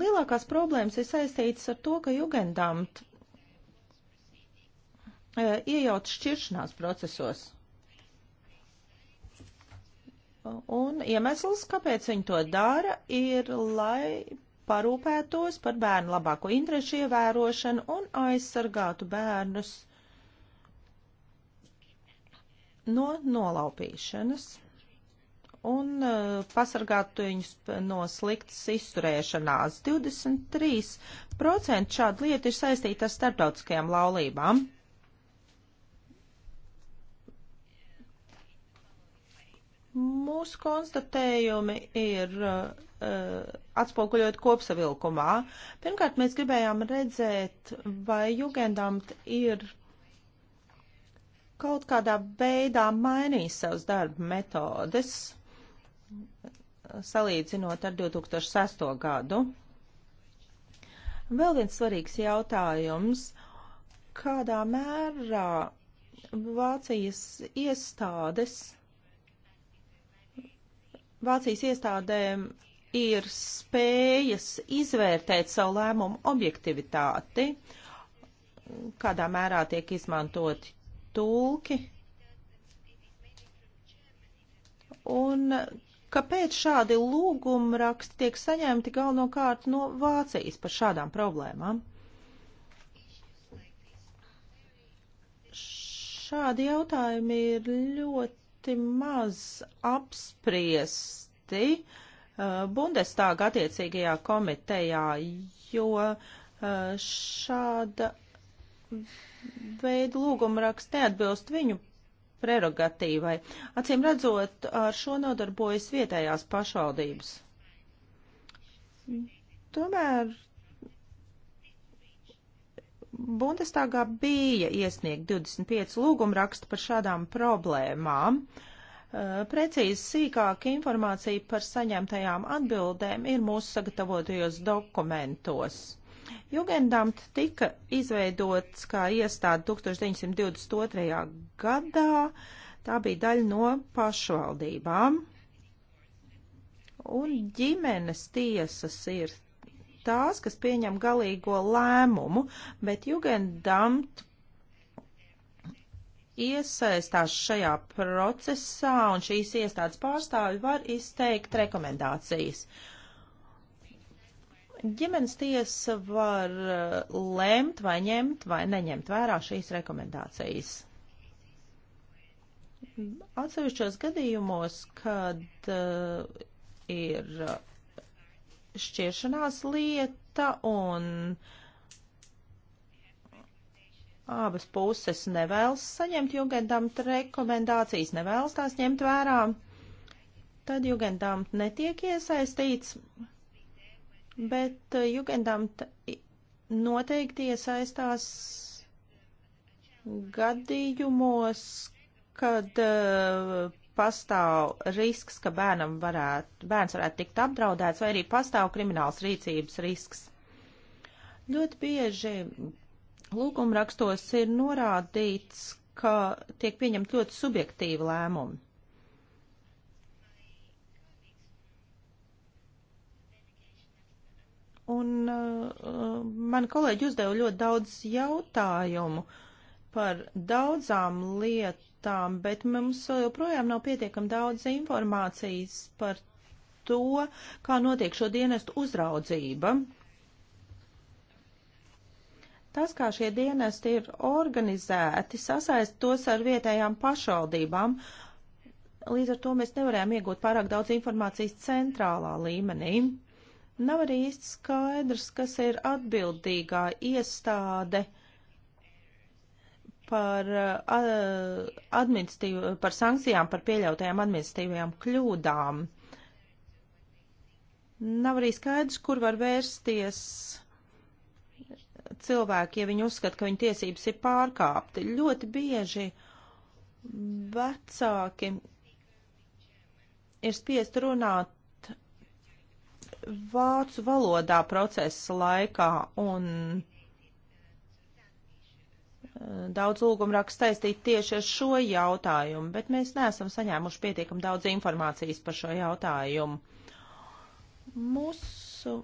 S2: Lielākās problēmas ir saistītas ar to, ka Jugendamt uh, iejauc šķiršanās procesos. Un iemesls, kāpēc viņi to dara, ir, lai parūpētos par bērnu labāko interešu ievērošanu un aizsargātu bērnus no nolaupīšanas un uh, pasargāt viņus no sliktas izturēšanās. 23% šāda lieta ir saistīta ar starptautiskajām laulībām. Mūsu konstatējumi ir uh, atspoguļot kopsavilkumā. Pirmkārt, mēs gribējām redzēt, vai Jugendamt ir kaut kādā veidā mainīs savas darba metodes, salīdzinot ar 2006. gadu. Vēl viens svarīgs jautājums. Kādā mērā Vācijas iestādes, Vācijas iestādēm ir spējas izvērtēt savu lēmumu objektivitāti, kādā mērā tiek izmantoti tulki. Un kāpēc šādi lūgumi raksti tiek saņemti galvenokārt no Vācijas par šādām problēmām? Šādi jautājumi ir ļoti maz apspriesti uh, Bundestāga attiecīgajā komitejā, jo uh, šāda veidu lūgumraksts neatbilst viņu prerogatīvai. Acīm redzot, ar šo nodarbojas vietējās pašvaldības. Tomēr Bundestagā bija iesniegt 25 lūgumrakstu par šādām problēmām. Eh, precīzi sīkāka informācija par saņemtajām atbildēm ir mūsu sagatavotajos dokumentos. Jugendamt tika izveidots kā iestāde 1922. gadā. Tā bija daļa no pašvaldībām. Un ģimenes tiesas ir tās, kas pieņem galīgo lēmumu, bet Jugendamt iesaistās šajā procesā un šīs iestādes pārstāvi var izteikt rekomendācijas. Uh, ģimenes tiesa var uh, lemt vai ņemt vai neņemt vērā šīs rekomendācijas. Atsevišķos gadījumos, kad uh, ir uh, šķiršanās lieta un abas puses nevēlas saņemt jugendamt rekomendācijas, nevēlas tās ņemt vērā, tad jugendamt netiek iesaistīts bet eh, Jugendamt noteikti iesaistās gadījumos, kad uh, pastāv risks, ka bērnam varētu, bērns varētu tikt apdraudēts, vai arī pastāv krimināls rīcības risks. Ļoti bieži lūgumrakstos ir norādīts, ka tiek pieņemt ļoti subjektīvi lēmumi. Un uh, mani kolēģi uzdeva ļoti daudz jautājumu par daudzām lietām, bet mums joprojām nav pietiekam daudz informācijas par to, kā notiek šo dienestu uzraudzība. Tas, kā šie dienesti ir organizēti, sasaist tos ar vietējām pašvaldībām, līdz ar to mēs nevarējām iegūt pārāk daudz informācijas centrālā līmenī. Nav arī īsti skaidrs, kas ir atbildīgā iestāde par, uh, par sankcijām par pieļautajām administratīvajām kļūdām. Nav arī skaidrs, kur var vērsties cilvēki, ja viņi uzskata, ka viņu tiesības ir pārkāpti. Ļoti bieži vecāki ir spiest runāt vācu valodā procesa laikā un eh, daudz lūgumu rakstu saistīt tieši ar šo jautājumu, bet mēs neesam saņēmuši pietiekam daudz informācijas par šo jautājumu. Mūsu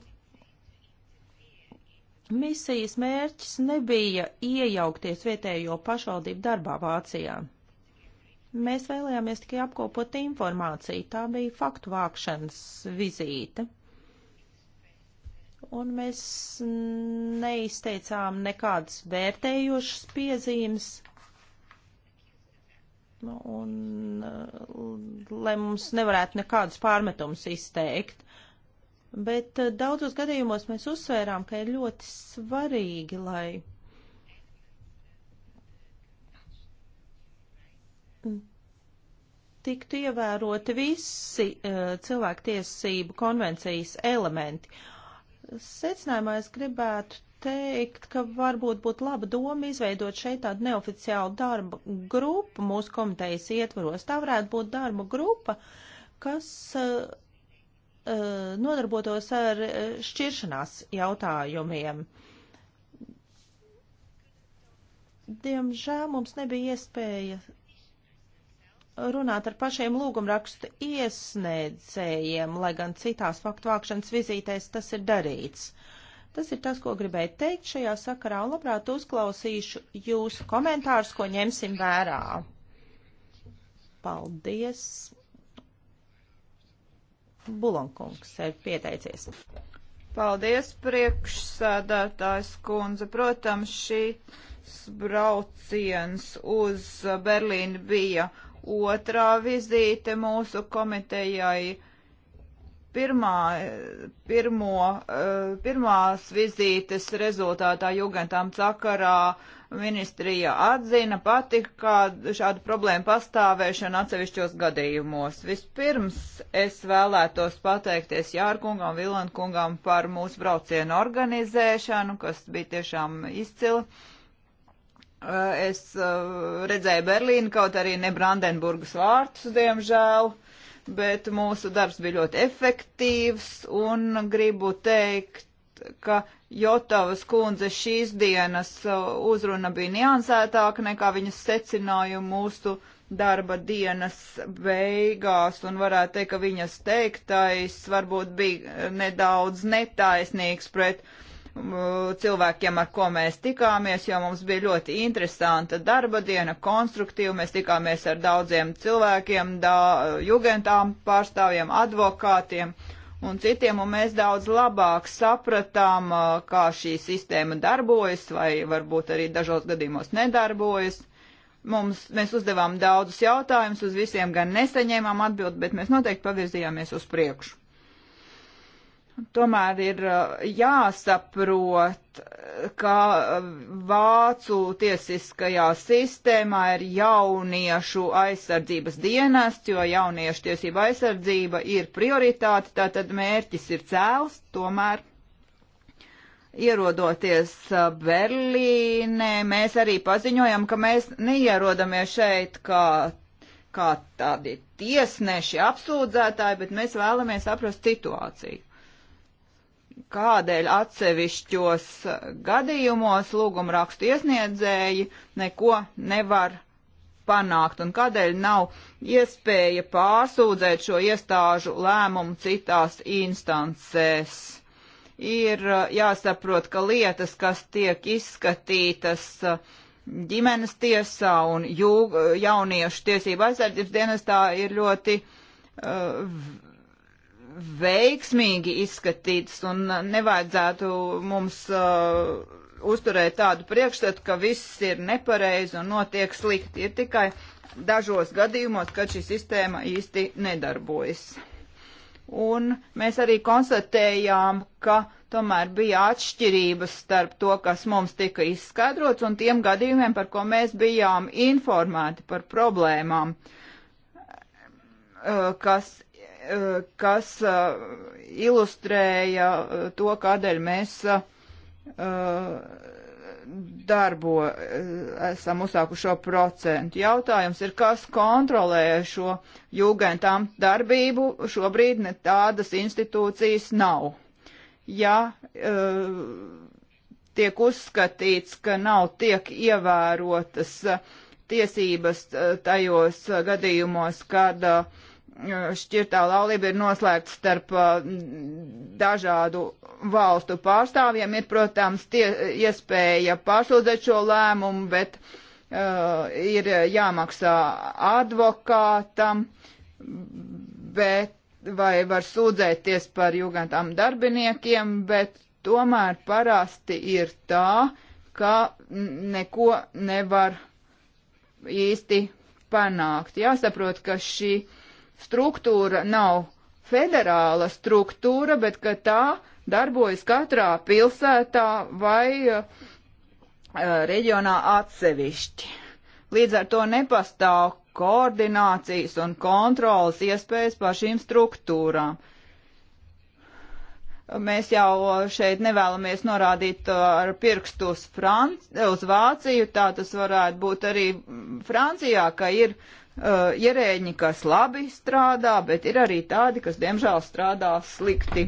S2: misijas mērķis nebija iejaukties vietējo pašvaldību darbā Vācijā. Mēs vēlējāmies tikai apkopot informāciju. Tā bija faktu vākšanas vizīte un mēs neizteicām nekādas vērtējošas piezīmes. Nu, un, uh, lai mums nevarētu nekādus pārmetumus izteikt. Bet uh, daudzos gadījumos mēs uzsvērām, ka ir ļoti svarīgi, lai tiktu ievēroti visi uh, cilvēktiesību konvencijas elementi. Uh, Secinājumā es gribētu teikt, ka varbūt būtu laba doma izveidot šeit tādu neoficiālu darba grupu mūsu komitejas ietvaros. Tā varētu būt darba grupa, kas uh, nodarbotos ar eh, šķiršanās jautājumiem. Diemžēl mums nebija iespēja runāt ar pašiem lūgumrakstu iesniedzējiem, lai gan citās faktu vākšanas vizītēs tas ir darīts. Tas ir tas, ko gribēju teikt šajā sakarā, un labprāt uzklausīšu jūsu komentārus, ko ņemsim vērā. Paldies!
S3: Bulonkungs ir pieteicies. Paldies, priekšsēdētājs kundze. Protams, šī brauciens uz Berlīnu bija otrā vizīte mūsu komitejai. Pirmā, pirmo, eh, pirmās vizītes rezultātā Jugendām Cakarā ministrija atzina pati, kā šādu problēmu pastāvēšana atsevišķos gadījumos. Vispirms es vēlētos pateikties Jārkungam, Vilankungam par mūsu braucienu organizēšanu, kas bija tiešām izcila Eh, es eh, redzēju Berlīnu, kaut arī ne Brandenburgas vārtus, diemžēl, bet mūsu darbs bija ļoti efektīvs un gribu teikt, ka Jotavas kundze šīs dienas eh, uzruna bija niansētāka nekā viņas secināja mūsu darba dienas beigās, un varētu teikt, ka viņas teiktais varbūt bija nedaudz netaisnīgs pret uh, cilvēkiem, ar ko mēs tikāmies, jo mums bija ļoti interesanta darba diena, konstruktīva. Mēs tikāmies ar daudziem cilvēkiem, da, jugentām pārstāvjiem, advokātiem un citiem, un mēs daudz labāk sapratām, kā šī sistēma darbojas, vai varbūt arī dažos gadījumos nedarbojas. Mums, mēs uzdevām daudzus jautājumus, uz visiem gan nesaņēmām atbildi, bet mēs noteikti pavirzījāmies uz priekšu. Tomēr ir eh, jāsaprot, ka Vācu tiesiskajā sistēmā ir jauniešu aizsardzības dienests, jo jauniešu tiesība aizsardzība ir prioritāte, tātad mērķis ir cēls, tomēr ierodoties eh, Berlīnē, mēs arī paziņojam, ka mēs neierodamies šeit kā, kā tādi tiesneši, apsūdzētāji, bet mēs vēlamies saprast situāciju kādēļ atsevišķos gadījumos lūgumrakstu iesniedzēji neko nevar panākt un kādēļ nav iespēja pārsūdzēt šo iestāžu lēmumu citās instancēs. Ir uh, jāsaprot, ka lietas, kas tiek izskatītas uh, ģimenes tiesā un jū, uh, jauniešu tiesību aizsardzības dienestā, ir ļoti uh, veiksmīgi izskatīts un nevajadzētu mums uh, uzturēt tādu priekšstatu, ka viss ir nepareizi un notiek slikti. Ir tikai dažos gadījumos, kad šī sistēma īsti nedarbojas. Un mēs arī konstatējām, ka tomēr bija atšķirības starp to, kas mums tika izskaidrots, un tiem gadījumiem, par ko mēs bijām informēti par problēmām, uh, kas Eh, kas eh, ilustrēja eh, to, kādēļ mēs darbo esam uzsākuši šo procentu. Jautājums ir, kas kontrolē šo jūgentām darbību? Šobrīd ne tādas institūcijas nav. Ja tiek uzskatīts, ka nav tiek ievērotas tiesības tajos gadījumos, kad uh, šķirtā laulība ir noslēgta starp uh, dažādu valstu pārstāvjiem. Ir, protams, tie, iespēja pārsūdzēt šo lēmumu, bet uh, ir jāmaksā advokātam, bet vai var sūdzēties par jūgantām darbiniekiem, bet tomēr parasti ir tā, ka neko nevar īsti panākt. Jāsaprot, ka šī uh, struktūra nav federāla struktūra, bet ka tā darbojas katrā pilsētā vai uh, reģionā atsevišķi. Līdz ar to nepastāv koordinācijas un kontrolas iespējas par šīm struktūrām. Mēs jau šeit nevēlamies norādīt eh, ar pirkstu uz, Franci uz Vāciju, tā tas varētu būt arī Francijā, ka ir uh, uh, ierēģi, kas labi strādā, bet ir arī tādi, kas diemžēl strādā slikti.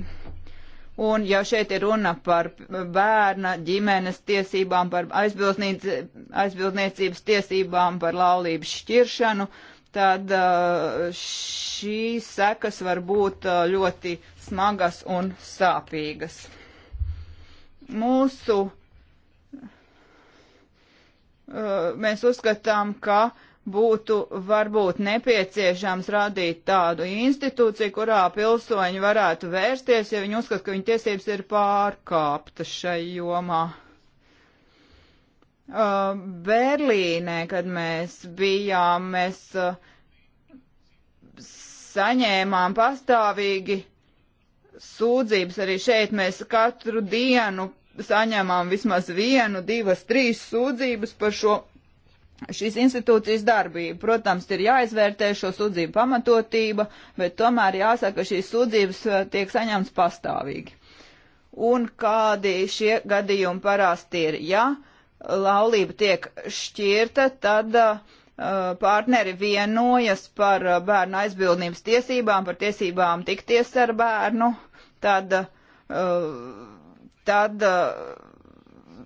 S3: Un ja šeit ir runa par bērna ģimenes tiesībām, par aizbildniecības tiesībām, par laulības šķiršanu, tad uh, šīs sekas var būt uh, ļoti smagas un sāpīgas. Mūsu, uh, mēs uzskatām, ka uh, būtu varbūt nepieciešams radīt tādu institūciju, kurā pilsoņi varētu vērsties, ja viņi uzskata, ka viņu tiesības ir pārkāptas šai jomā. Uh, Berlīnē, kad mēs bijām, mēs uh, saņēmām pastāvīgi sūdzības. Arī šeit mēs katru dienu saņemam vismaz vienu, divas, trīs sūdzības par šo šīs institūcijas darbība. Protams, ir jāizvērtē šo sūdzību pamatotība, bet tomēr jāsaka, ka šīs sūdzības eh, tiek saņemtas pastāvīgi. Un kādi šie gadījumi parasti ir? Ja laulība tiek šķirta, tad uh, partneri vienojas par eh, bērnu aizbildnības tiesībām, par tiesībām tikties ar bērnu, tad, uh, tad uh,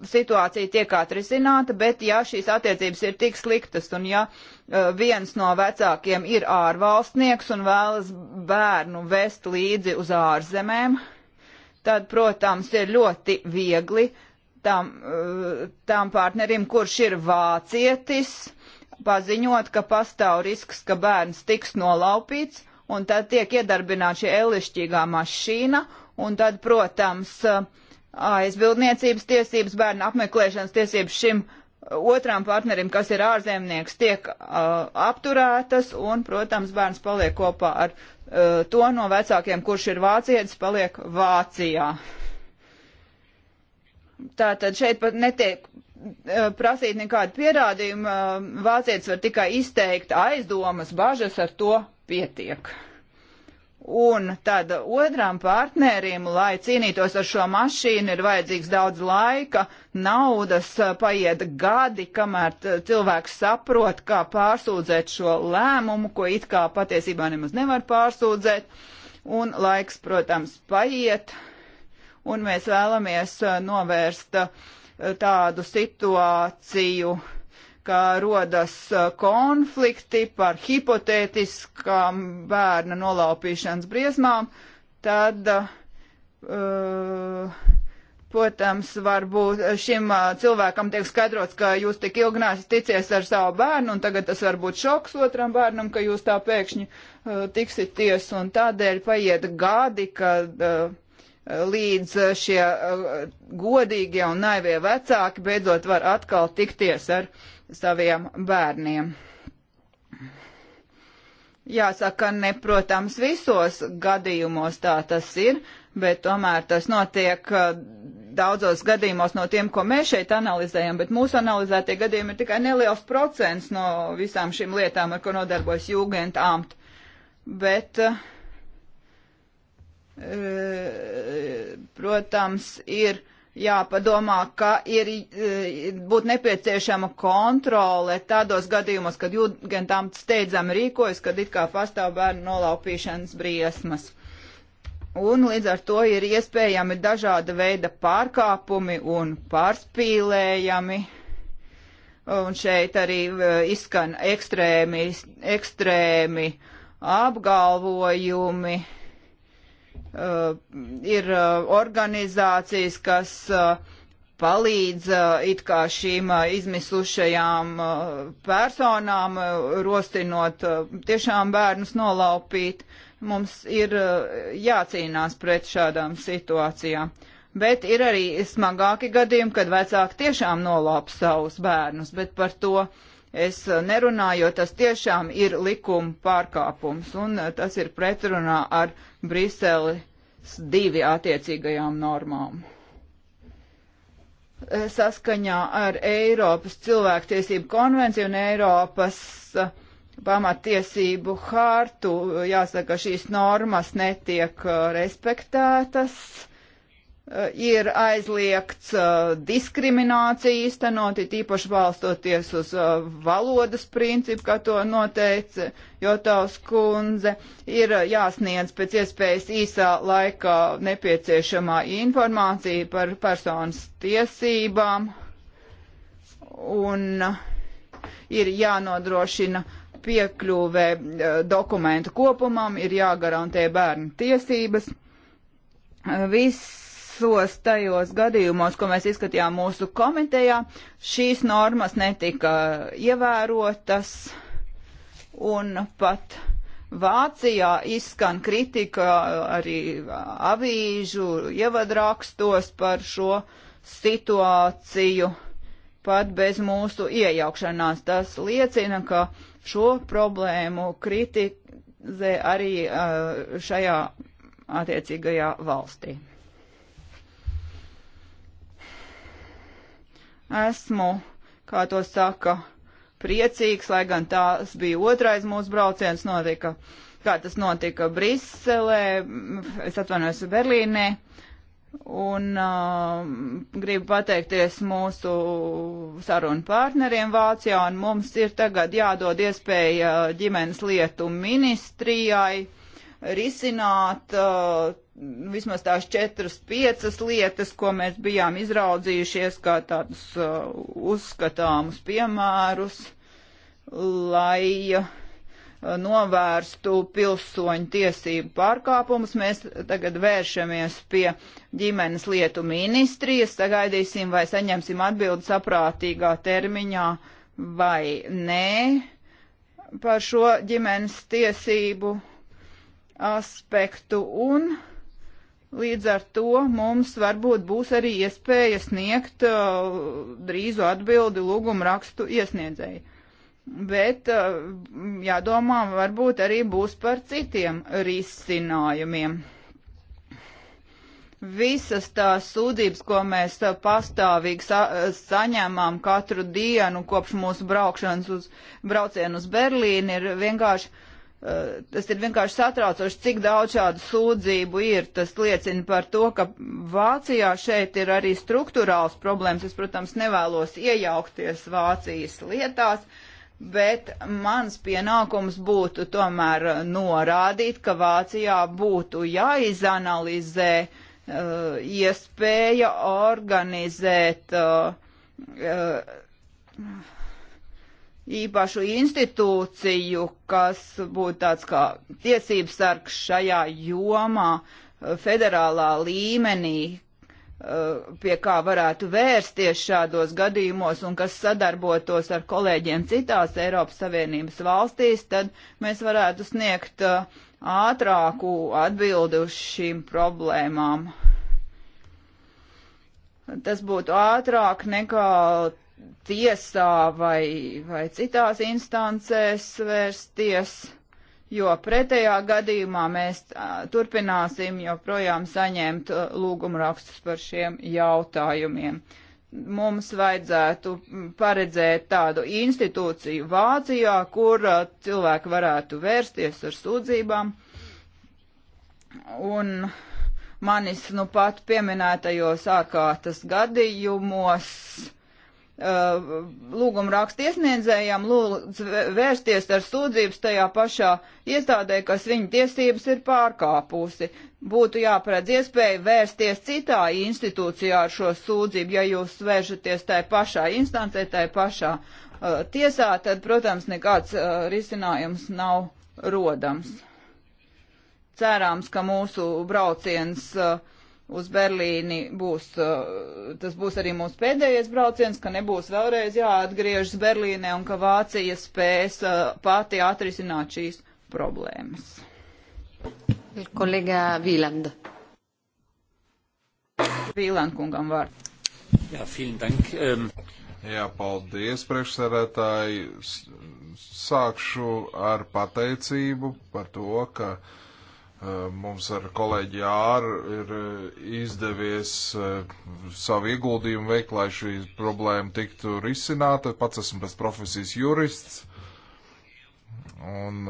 S3: situācija tiek atrisināta, bet ja šīs attiecības ir tik sliktas un ja eh, viens no vecākiem ir ārvalstnieks un vēlas bērnu vest līdzi uz ārzemēm, tad, protams, ir ļoti viegli tam, eh, tam partnerim, kurš ir vācietis, paziņot, ka pastāv risks, ka bērns tiks nolaupīts, un tad tiek iedarbināta šī elišķīgā mašīna, un tad, protams, uh, aizbildniecības tiesības, bērnu apmeklēšanas tiesības šim uh, otram partnerim, kas ir ārzemnieks, tiek uh, apturētas, un, protams, bērns paliek kopā ar uh, to no vecākiem, kurš ir vācietis, paliek Vācijā. Tātad šeit pat netiek uh, prasīt nekādu pierādījumu, uh, vācietis var tikai izteikt aizdomas, bažas ar to pietiek. Un tad otram partnerim, lai cīnītos ar šo mašīnu, ir vajadzīgs daudz laika, naudas, eh, paiet gadi, kamēr cilvēks saprot, kā pārsūdzēt šo lēmumu, ko it kā patiesībā nemaz nevar pārsūdzēt. Un laiks, protams, paiet, un mēs vēlamies eh, novērst eh, tādu situāciju, uh, ka rodas uh, konflikti par hipotētiskām bērna nolaupīšanas briesmām, tad, uh, protams, varbūt šim uh, cilvēkam tiek skaidrots, ka jūs tik ilgi neesat ticies ar savu bērnu, un tagad tas var būt šoks otram bērnam, ka jūs tā pēkšņi uh, tiksities, un tādēļ paiet gadi, kad uh, līdz šie uh, godīgie un naivie vecāki beidzot var atkal tikties ar saviem bērniem. Jāsaka, ne, protams, visos gadījumos tā tas ir, bet tomēr tas notiek uh, daudzos gadījumos no tiem, ko mēs šeit analizējam, bet mūsu analizētie gadījumi ir tikai neliels procents no visām šīm lietām, ar ko nodarbojas Jūgendamt. Bet uh, e, protams, ir jāpadomā, ka ir eh, būtu nepieciešama kontrole tādos gadījumos, kad jūgentam steidzam rīkojas, kad it kā pastāv bērnu nolaupīšanas briesmas. Un līdz ar to ir iespējami dažāda veida pārkāpumi un pārspīlējami. Un šeit arī eh, izskan ekstrēmi, ekstrēmi apgalvojumi, Uh, ir uh, organizācijas, kas uh, palīdz uh, it kā šīm uh, izmisušajām uh, personām, rostinot tiešām bērnus nolaupīt. Mums ir jācīnās pret šādām situācijām. Bet ir arī smagāki gadījumi, kad vecāki tiešām nolaup savus bērnus, bet par to uh, es eh, nerunāju, jo tas tiešām ir likuma pārkāpums, un eh, tas ir pretrunā ar Briseles divi attiecīgajām normām. Eh, saskaņā ar Eiropas cilvēktiesību konvenciju un Eiropas pamatiesību hārtu, jāsaka, šīs normas netiek respektētas Eh, ir aizliegts eh, diskriminācija īstenot, ir īpaši balstoties uz eh, valodas principu, kā to noteica Jotaus kundze, ir jāsniedz pēc iespējas īsā laikā nepieciešamā informācija par personas tiesībām un ir jānodrošina piekļuvē dokumentu kopumam, ir jāgarantē bērnu tiesības. Viss visos tajos gadījumos, ko mēs izskatījām mūsu komitejā, šīs normas netika ievērotas un pat Vācijā izskan kritika arī avīžu ievadrakstos par šo situāciju pat bez mūsu iejaukšanās. Tas liecina, ka šo problēmu kritikā arī uh, šajā attiecīgajā valstī. Esmu, kā to saka, priecīgs, lai gan tās bija otrais mūsu brauciens, notika, kā tas notika Briselē, es atvainojos Berlīnē, un uh, gribu pateikties mūsu sarunu partneriem Vācijā, un mums ir tagad jādod iespēja ģimenes lietu ministrijai risināt uh, vismaz tās četras, piecas lietas, ko mēs bijām izraudzījušies kā tādus uh, uzskatāmus piemērus, lai uh, novērstu pilsoņu tiesību pārkāpumus. Mēs tagad vēršamies pie ģimenes lietu ministrijas, sagaidīsim, vai saņemsim atbildi saprātīgā termiņā vai nē par šo ģimenes tiesību aspektu un uh, Līdz ar to mums varbūt būs arī iespēja sniegt uh, drīzu atbildi lūgumu rakstu iesniedzēju. Bet uh, jādomā varbūt arī būs par citiem risinājumiem. Visas tās sūdzības, ko mēs uh, pastāvīgi sa uh, saņemam katru dienu kopš mūsu braukšanas uz braucienu uz Berlīnu, ir vienkārši Eh, tas ir vienkārši satraucoši, cik daudz šādu sūdzību ir. Tas liecina par to, ka Vācijā šeit ir arī struktūrāls problēmas. Es, protams, nevēlos iejaukties Vācijas lietās, bet mans pienākums būtu tomēr norādīt, ka Vācijā būtu jāizanalizē uh, iespēja organizēt uh, uh, īpašu institūciju, kas būtu tāds kā tiesības sargs šajā jomā eh, federālā līmenī, eh, pie kā varētu vērsties šādos gadījumos un kas sadarbotos ar kolēģiem citās Eiropas Savienības valstīs, tad mēs varētu sniegt eh, ātrāku atbildi uz šīm problēmām. Tas būtu ātrāk nekā tiesā vai, vai citās instancēs vērsties, jo pretējā gadījumā mēs turpināsim joprojām saņemt lūgumu rakstus par šiem jautājumiem. Mums vajadzētu paredzēt tādu institūciju Vācijā, kur cilvēki varētu vērsties ar sūdzībām. Un manis nu pat pieminētajos ārkārtas gadījumos uh, Uh, lūguma rakstu iesniedzējām lūdz vērsties ar sūdzības tajā pašā iestādē, kas viņa tiesības ir pārkāpusi. Būtu jāparedz iespēja vērsties citā institūcijā ar šo sūdzību, ja jūs vēršaties tajā pašā instancē, tajā pašā uh, tiesā, tad, protams, nekāds uh, risinājums nav rodams. Cerāms, ka mūsu brauciens uh, uz Berlīni būs, uh, tas būs arī mūsu pēdējais brauciens, ka nebūs vēlreiz jāatgriežas Berlīnē un ka Vācija spēs uh, pati atrisināt šīs problēmas. Kolēģa Vīlanda. Vīlanda kungam vārds.
S1: Jā, vielen dank. Um... Jā, paldies, priekšsēdētāji. Sākšu ar pateicību par to, ka uh, Eh, mums ar kolēģi Jāru ir eh, izdevies eh, savu ieguldījumu veikt, lai šī problēma tiktu risināta. Pats esmu pēc profesijas jurists. Un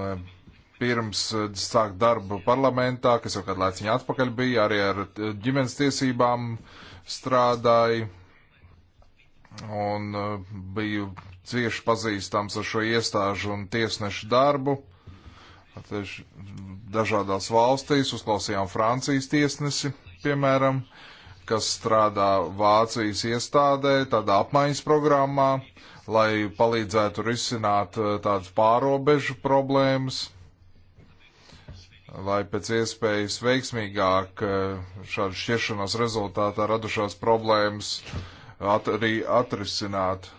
S1: pirms sākt darbu parlamentā, kas jau kādu laiciņu atpakaļ bija, arī ar ģimenes tiesībām strādāju un biju cieši pazīstams ar šo iestāžu un tiesnešu darbu. Mm, dažādās valstīs, uzklausījām Francijas tiesnesi, piemēram, kas strādā Vācijas iestādē, tādā apmaiņas programmā, lai palīdzētu risināt eh, tādas pārobežu problēmas, lai pēc iespējas veiksmīgāk eh, šādu šķiršanos rezultātā radušās problēmas at arī atrisināt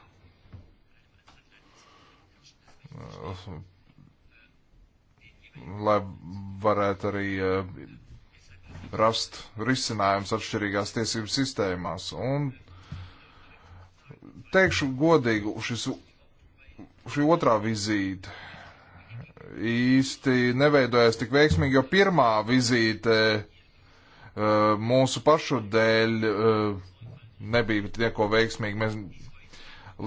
S1: lai varētu arī eh, rast risinājums atšķirīgās tiesību sistēmās. Un teikšu godīgi, šis, šī otrā vizīte īsti neveidojas tik veiksmīgi, jo pirmā vizīte eh, mūsu pašu dēļ eh, nebija neko veiksmīgi. Mēs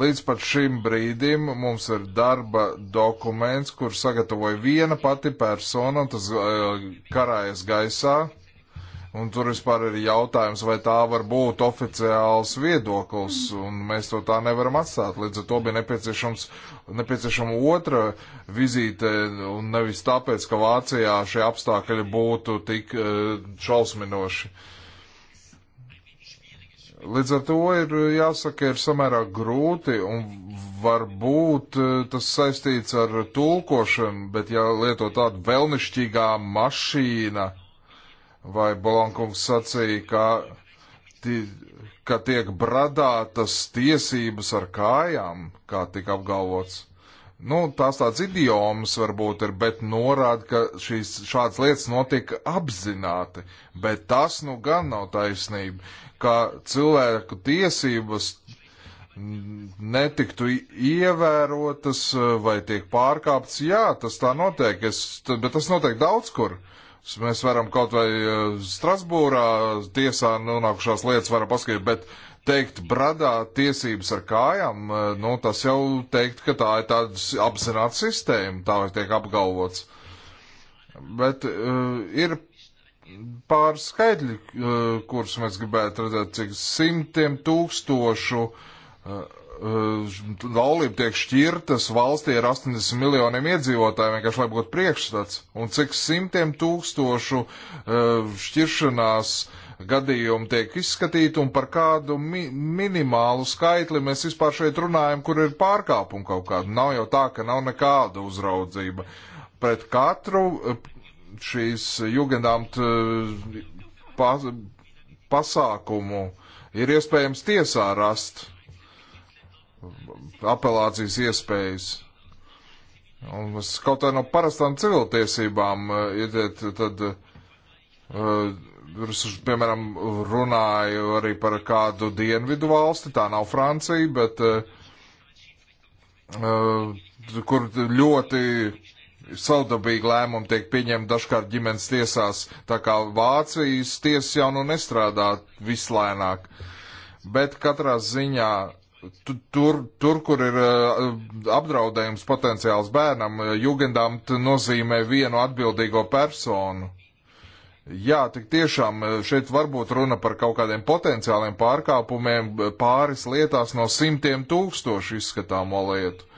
S1: Līdz pat šim brīdim mums ir darba dokuments, kur sagatavoja viena pati persona, un tas uh, karājas gaisā. Un tur vispār ir jautājums, vai tā var būt oficiāls viedoklis, un mēs to tā nevaram atstāt. Līdz ar to bija nepieciešama otra vizīte, un nevis tāpēc, ka Vācijā šie apstākļi būtu tik uh, šausminoši. Uh, Līdz ar to ir jāsaka, ir samērā grūti un varbūt eh, tas saistīts ar tulkošanu, bet ja lieto tādu vēlnišķīgā mašīna, vai Balankums sacīja, ka, ka tiek bradātas tiesības ar kājām, kā tika apgalvots. Nu, tās tāds idioms varbūt ir, bet norāda, ka šīs šādas lietas notika apzināti, bet tas nu gan nav taisnība ka cilvēku tiesības netiktu ievērotas vai tiek pārkāptas. Jā, tas tā notiek, es, bet tas notiek daudz kur. Mēs varam kaut vai eh, Strasbūrā tiesā nonākušās lietas varam paskatīt, bet teikt bradā tiesības ar kājām, eh, nu tas jau teikt, ka tā ir tāda apzināta sistēma, tā tiek apgalvots. Bet uh, ir pāris skaidri, eh, kurus mēs gribētu redzēt, cik simtiem tūkstošu laulību eh, eh, tiek šķirtas valstī ar 80 miljoniem iedzīvotāju, vienkārši lai būtu priekšstats, un cik simtiem tūkstošu šķiršanās gadījumu tiek izskatīti, un par kādu mi minimālu skaitli mēs vispār šeit runājam, kur ir pārkāpumi kaut kādu. Nav jau tā, ka nav nekāda uzraudzība. Pret katru šīs jugendamt eh, pasākumu ir iespējams tiesā rast apelācijas iespējas. Un kaut kā no parastām civiltiesībām, eh, tad, uh, piemēram, runāju arī par kādu dienvidu valsti, tā nav Francija, bet uh, kur ļoti savdabīgi lēmumi tiek pieņemti dažkārt ģimenes tiesās, tā kā Vācijas tiesas jau nu nestrādā vislēnāk. Bet katrā ziņā tur, tur kur ir eh, apdraudējums potenciāls bērnam, eh, jugendamt nozīmē vienu atbildīgo personu. Jā, tik tiešām eh, šeit varbūt runa par kaut kādiem potenciāliem pārkāpumiem pāris lietās no simtiem tūkstošu izskatāmo lietu.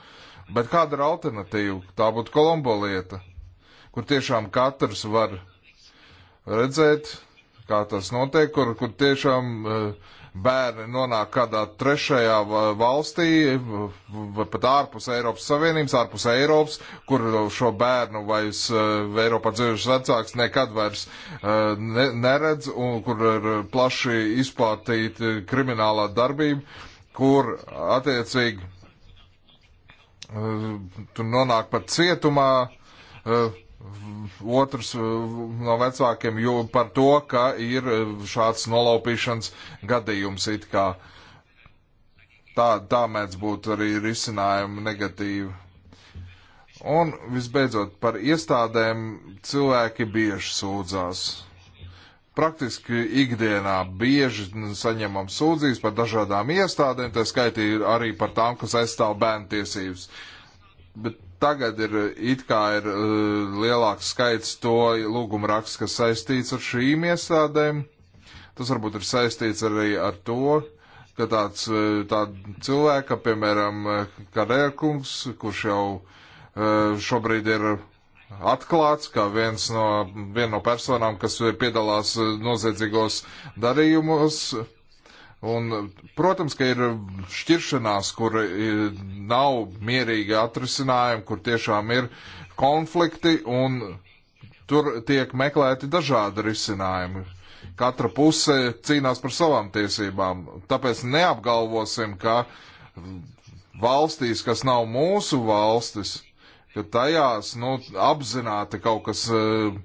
S1: Bet kāda ir alternatīva? Tā būtu Kolombo lieta, kur tiešām katrs var redzēt, kā tas notiek, kur, kur tiešām eh, bērni nonāk kādā trešajā valstī, vai pat ārpus Eiropas Savienības, ārpus Eiropas, kur šo bērnu vairs eh, Eiropā dzīvojušas vecāks nekad vairs eh, ne, neredz, un kur ir plaši izplatīta kriminālā darbība, kur attiecīgi Eh, tur nonāk pat cietumā eh, otrs eh, no vecākiem jo par to, ka ir šāds nolaupīšanas gadījums it kā. Tā, tā mēdz būt arī risinājumi negatīvi. Un visbeidzot, par iestādēm cilvēki bieži sūdzās praktiski ikdienā bieži saņemam sūdzības par dažādām iestādēm, tā skaitī arī par tām, kas aizstāv bērnu tiesības. Bet tagad ir it kā ir uh, lielāks skaits to lūgumu raksts, kas saistīts ar šīm iestādēm. Tas varbūt ir saistīts arī ar to, ka tāds uh, tā cilvēka, piemēram, uh, Karērkungs, kurš jau uh, šobrīd ir atklāts kā viens no, viena no personām, kas piedalās noziedzīgos darījumos. Un, protams, ka ir šķiršanās, kur nav mierīga atrisinājuma, kur tiešām ir konflikti un tur tiek meklēti dažādi risinājumi. Katra puse cīnās par savām tiesībām. Tāpēc neapgalvosim, ka valstīs, kas nav mūsu valstis, ka tajās nu, apzināti kaut kas eh,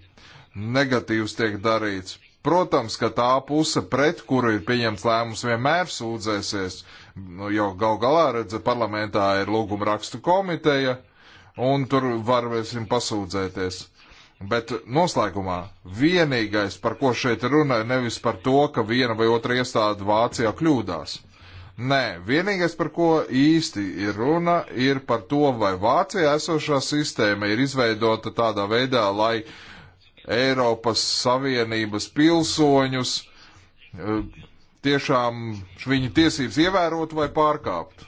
S1: negatīvs tiek darīts. Protams, ka tā puse, pret kuru ir pieņemts lēmums, vienmēr sūdzēsies, nu, jo gal galā, redz, parlamentā ir lūguma rakstu komiteja, un tur varēsim pasūdzēties. Bet noslēgumā vienīgais, par ko šeit runāja, nevis par to, ka viena vai otra iestāde Vācijā kļūdās. Nē, vienīgais, par ko īsti ir runa, ir par to, vai Vācijā esošā sistēma ir izveidota tādā veidā, lai Eiropas Savienības pilsoņus eh, tiešām viņu tiesības ievērotu vai pārkāptu.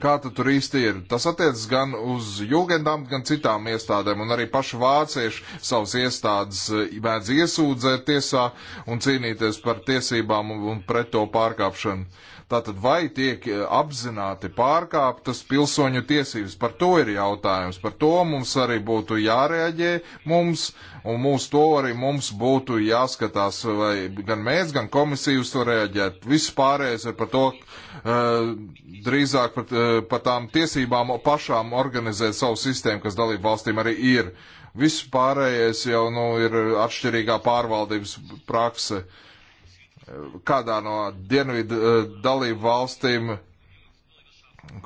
S1: Kā tad tur īsti ir? Tas attiecas gan uz Jūgendam, gan citām iestādēm, un arī paši vācieši savus iestādes eh, mēdz iesūdzēt tiesā un cīnīties par tiesībām un pret to pārkāpšanu. Tātad vai tiek eh, apzināti pārkāptas pilsoņu tiesības? Par to ir jautājums. Par to mums arī būtu jārēģē mums, un mums to arī mums būtu jāskatās, vai gan mēs, gan komisija uz to rēģēt. Viss pārējais ir par to, eh, drīzāk par, eh, par tām tiesībām pašām organizēt savu sistēmu, kas dalību valstīm arī ir. Viss pārējais jau nu, ir atšķirīgā pārvaldības prakse. Uh, kādā no dienvidu eh, dalību valstīm,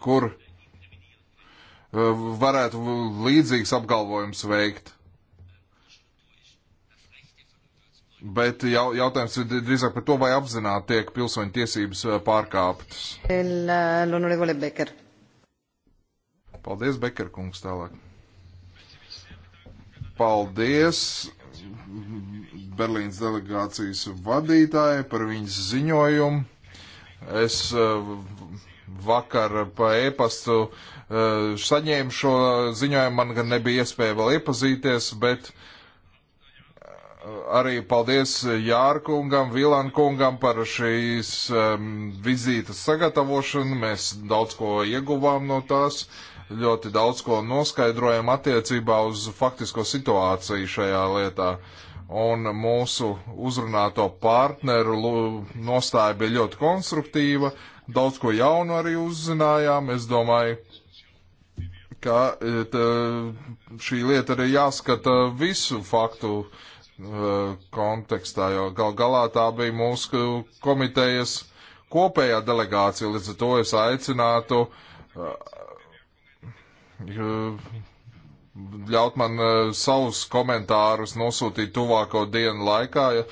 S1: kur eh, varētu līdzīgs apgalvojums veikt. Bet jautājums ir drīzāk par to, vai apzināti tiek pilsoņu tiesības eh, pārkāptas. Paldies, Beker kungs, tālāk. Paldies. Berlīnas delegācijas vadītāja par viņas ziņojumu. Es eh, vakar pa e-pastu eh, saņēmu šo ziņojumu, man gan nebija iespēja vēl iepazīties, bet eh, arī paldies Jārkungam, Vilankungam par šīs vizītes sagatavošanu. Mēs daudz ko ieguvām no tās ļoti daudz ko noskaidrojam attiecībā uz faktisko situāciju šajā lietā un mūsu uzrunāto partneru nostāja bija ļoti konstruktīva. Daudz ko jaunu arī uzzinājām. Es domāju, ka e, tā, šī lieta arī jāskata visu faktu uh, kontekstā, jo gal galā tā bija mūsu komitejas kopējā delegācija. Līdz ar to es aicinātu uh, uh, ļaut man uh, savus komentārus nosūtīt tuvāko dienu laikā uh,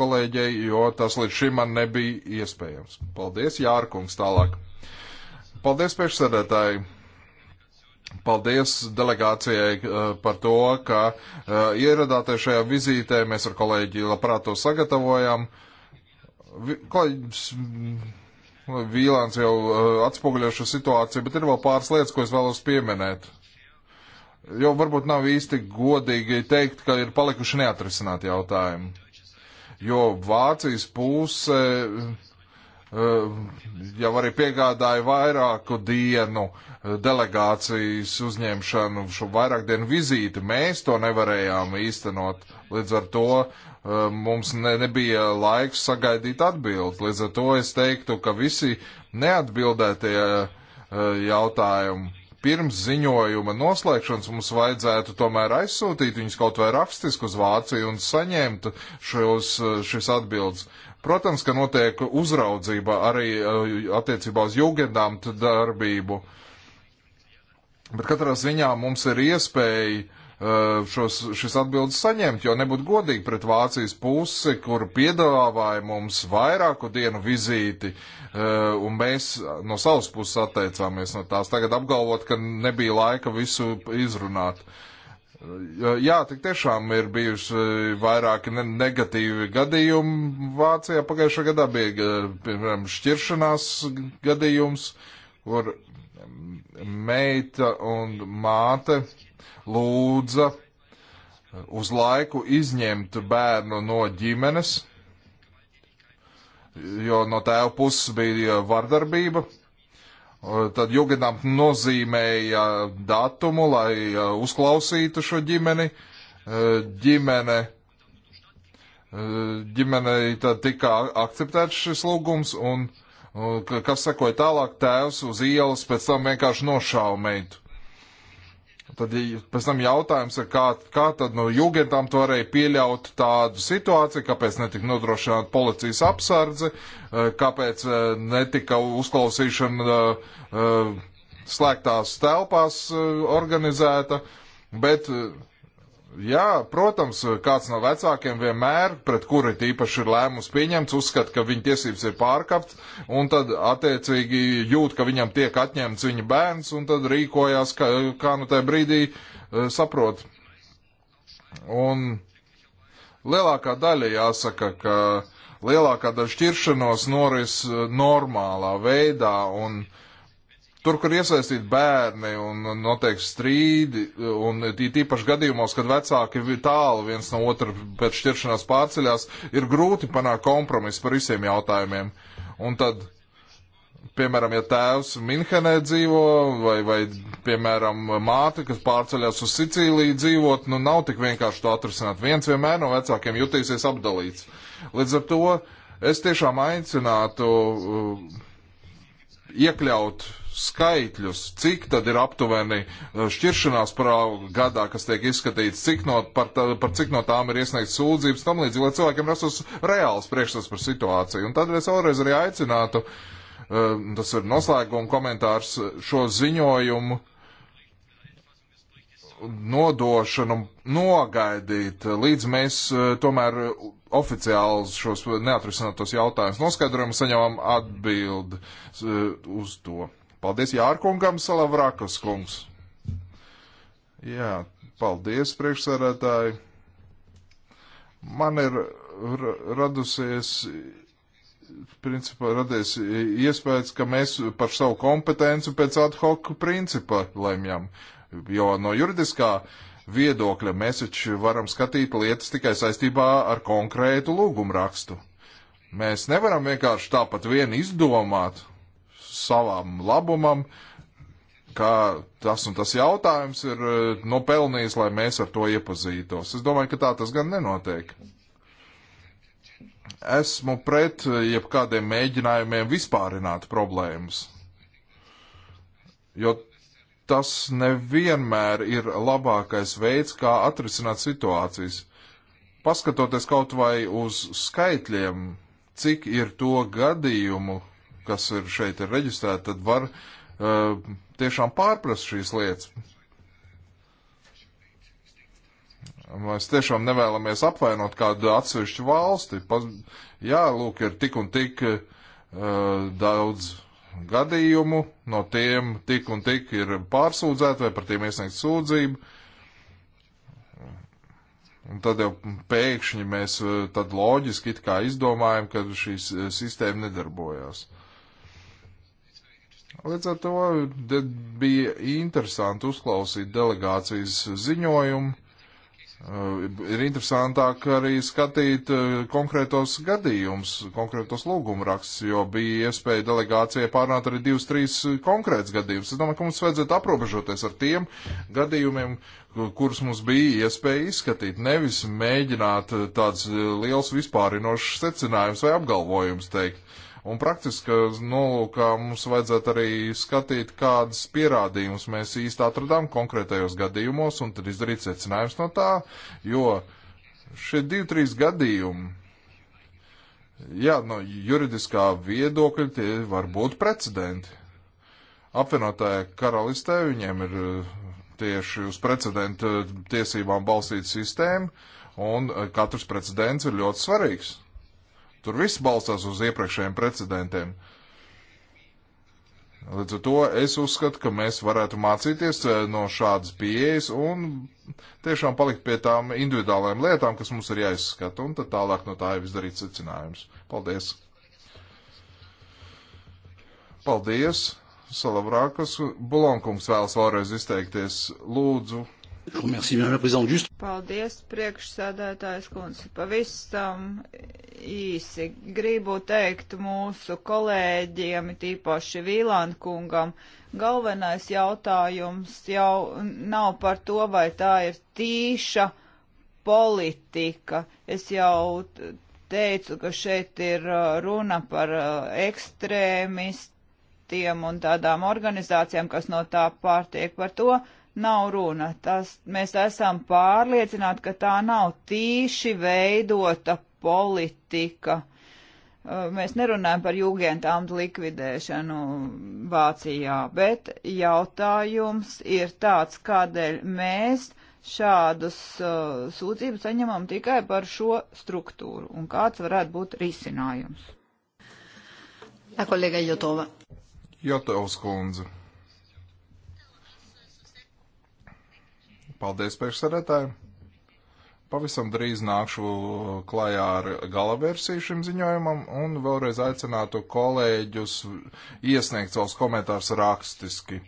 S1: kolēģei, jo tas līdz šim man nebija iespējams. Paldies, Jārkungs, tālāk. Paldies, priekšsēdētāji. Paldies delegācijai uh, par to, ka uh, ieradāties šajā vizītē. Mēs ar kolēģi labprāt to sagatavojam. Vi, kolēģis, mm, Vīlāns jau uh, atspoguļo šo situāciju, bet ir vēl pāris lietas, ko es vēlos pieminēt jo varbūt nav īsti godīgi teikt, ka ir palikuši neatrisināti jautājumi. Jo Vācijas puse eh, jau arī piegādāja vairāku dienu eh, delegācijas uzņemšanu, šo vairāk dienu vizīti. Mēs to nevarējām īstenot. Līdz ar to eh, mums ne, nebija laiks sagaidīt atbildi. Līdz ar to es teiktu, ka visi neatbildētie jautājumi pirms ziņojuma noslēgšanas mums vajadzētu tomēr aizsūtīt viņus kaut vai rakstiski uz Vāciju un saņemt šos, šis atbildes. Protams, ka notiek uzraudzība arī eh, attiecībā uz jūgendām darbību, bet katrā ziņā mums ir iespēja Uh, šos, šis atbildes saņemt, jo nebūtu godīgi pret Vācijas pusi, kur piedāvāja mums vairāku dienu vizīti, uh, un mēs no savas puses atteicāmies no tās. Tagad apgalvot, ka nebija laika visu izrunāt. Uh, jā, tik tiešām ir bijuši vairāki negatīvi gadījumi Vācijā. Pagājušā gadā bija, piemēram, šķiršanās gadījums, kur meita un māte uh, lūdza uz laiku izņemt bērnu no ģimenes, jo no tēva puses bija vardarbība. Tad Jugendam nozīmēja datumu, lai uh, uzklausītu šo ģimeni. Uh, ģimene, uh, ģimenei tad tika akceptēts šis lūgums, un kas sekoja tālāk, tēvs uz ielas pēc tam vienkārši nošāva meitu. Tad pēc tam jautājums ir, kā, kā tad no jūgentām tu varēji pieļaut tādu situāciju, kāpēc netika nodrošināta policijas apsardze, eh, kāpēc eh, netika uzklausīšana eh, slēgtās telpās organizēta, bet Jā, protams, kāds no vecākiem vienmēr, pret kuru īpaši ir lēmums pieņemts, uzskata, ka viņa tiesības ir pārkāptas, un tad attiecīgi jūt, ka viņam tiek atņemts viņa bērns, un tad rīkojās, kā, kā nu tajā brīdī eh, saprot. Un lielākā daļa jāsaka, ka lielākā daļa šķiršanos noris eh, normālā veidā, un uh, Tur, kur iesaistīti bērni un notiek strīdi, un tīpaši gadījumos, kad vecāki tālu viens no otra pēc šķiršanās pārceļās, ir grūti panākt kompromisu par visiem jautājumiem. Un tad, piemēram, ja tēvs Minhenē dzīvo, vai, vai, piemēram, māte, kas pārceļās uz Sicīliju dzīvot, nu nav tik vienkārši to atrisināt. Viens vienmēr no vecākiem jutīsies apdalīts. Līdz ar to es tiešām aicinātu uh, iekļaut skaitļus, cik tad ir aptuveni eh, šķiršanās parādu eh, gadā, kas tiek izskatīts, cik no, par, tā, par cik no tām ir iesniegts sūdzības, tam līdzīgi, lai cilvēkiem rastos reāls priekšstats par situāciju. Un tad es vēlreiz arī aicinātu, eh, tas ir noslēguma komentārs, šo ziņojumu nodošanu nogaidīt, līdz mēs tomēr oficiāli šos neatrisinātos jautājumus noskaidrojam, saņemam atbildi uz to. Paldies Jārkungam, Salavrakas kungs. Jā, paldies priekšsarētāji. Man ir radusies, principā radies iespējas, ka mēs par savu kompetenci pēc ad hoc principa lemjam, jo no juridiskā viedokļa mēs taču varam skatīt lietas tikai saistībā ar konkrētu lūgumrakstu. Mēs nevaram vienkārši tāpat vien izdomāt, savam labumam, kā tas un tas jautājums ir e, nopelnījis, nu, lai mēs ar to iepazītos. Es domāju, ka tā tas gan nenotiek. Esmu pret e, jebkādiem mēģinājumiem vispārināt problēmas, jo tas nevienmēr ir labākais veids, kā atrisināt situācijas. Paskatoties kaut vai uz skaitļiem, cik ir to gadījumu, kas ir šeit ir reģistrēta, tad var uh, tiešām pārprast šīs lietas. Mēs tiešām nevēlamies apvainot kādu atsevišķu valsti. Paz... Jā, lūk, ir tik un tik uh, daudz gadījumu, no tiem tik un tik ir pārsūdzēti vai par tiem iesniegt sūdzību. Un tad jau pēkšņi mēs eh, tad loģiski it kā izdomājam, ka šī sistēma nedarbojās. Līdz ar to bija interesanti uzklausīt delegācijas ziņojumu. Uh, ir interesantāk arī skatīt uh, konkrētos gadījumus, konkrētos lūgumrakstus, jo bija iespēja delegācijai pārnāt arī divus, trīs konkrēts gadījumus. Es domāju, ka mums vajadzētu aprobežoties ar tiem gadījumiem, kurus mums bija iespēja izskatīt, nevis mēģināt uh, tāds liels vispārinošs secinājums vai apgalvojums teikt. Un praktiski nolūkā nu, mums vajadzētu arī skatīt, kādas pierādījumus mēs īsti atradām konkrētajos gadījumos, un tad izdarīt secinājums no tā, jo šie divi, trīs gadījumi, jā, no juridiskā viedokļa tie var būt precedenti. Apvienotāja karalistē viņiem ir uh, tieši uz precedentu tiesībām balstīta sistēma, un uh, katrs precedents ir ļoti svarīgs. Tur viss balstās uz iepriekšējiem precedentiem. Līdz ar to es uzskatu, ka mēs varētu mācīties eh, no šādas pieejas un tiešām palikt pie tām individuālajām lietām, kas mums ir jāizskata, un tad tālāk no tā jau izdarīt secinājums. Paldies! Paldies! Salavrākas Bulonkungs vēlas vēlreiz izteikties. Lūdzu! Paldies,
S3: priekšsēdētājs kundze. Pavisam īsi gribu teikt mūsu kolēģiem, tīpaši Vīlāna kungam, galvenais jautājums jau nav par to, vai tā ir tīša politika. Es jau teicu, ka šeit ir uh, runa par uh, ekstrēmistiem un tādām organizācijām, kas no tā pārtiek par to nav runa. Tas, mēs esam pārliecināti, ka tā nav tīši veidota politika. Uh, mēs nerunājam par jūgentāmtu likvidēšanu Vācijā, bet jautājums ir tāds, kādēļ mēs šādas uh, sūdzības saņemam tikai par šo struktūru un kāds varētu būt risinājums. Jā, kolēģa Jotova.
S1: Jotovs kundze. Paldies, priekšsēdētāji! Pavisam drīz nākšu klajā ar gala versiju šim ziņojumam un vēlreiz aicinātu kolēģus iesniegt savus komentārus rakstiski,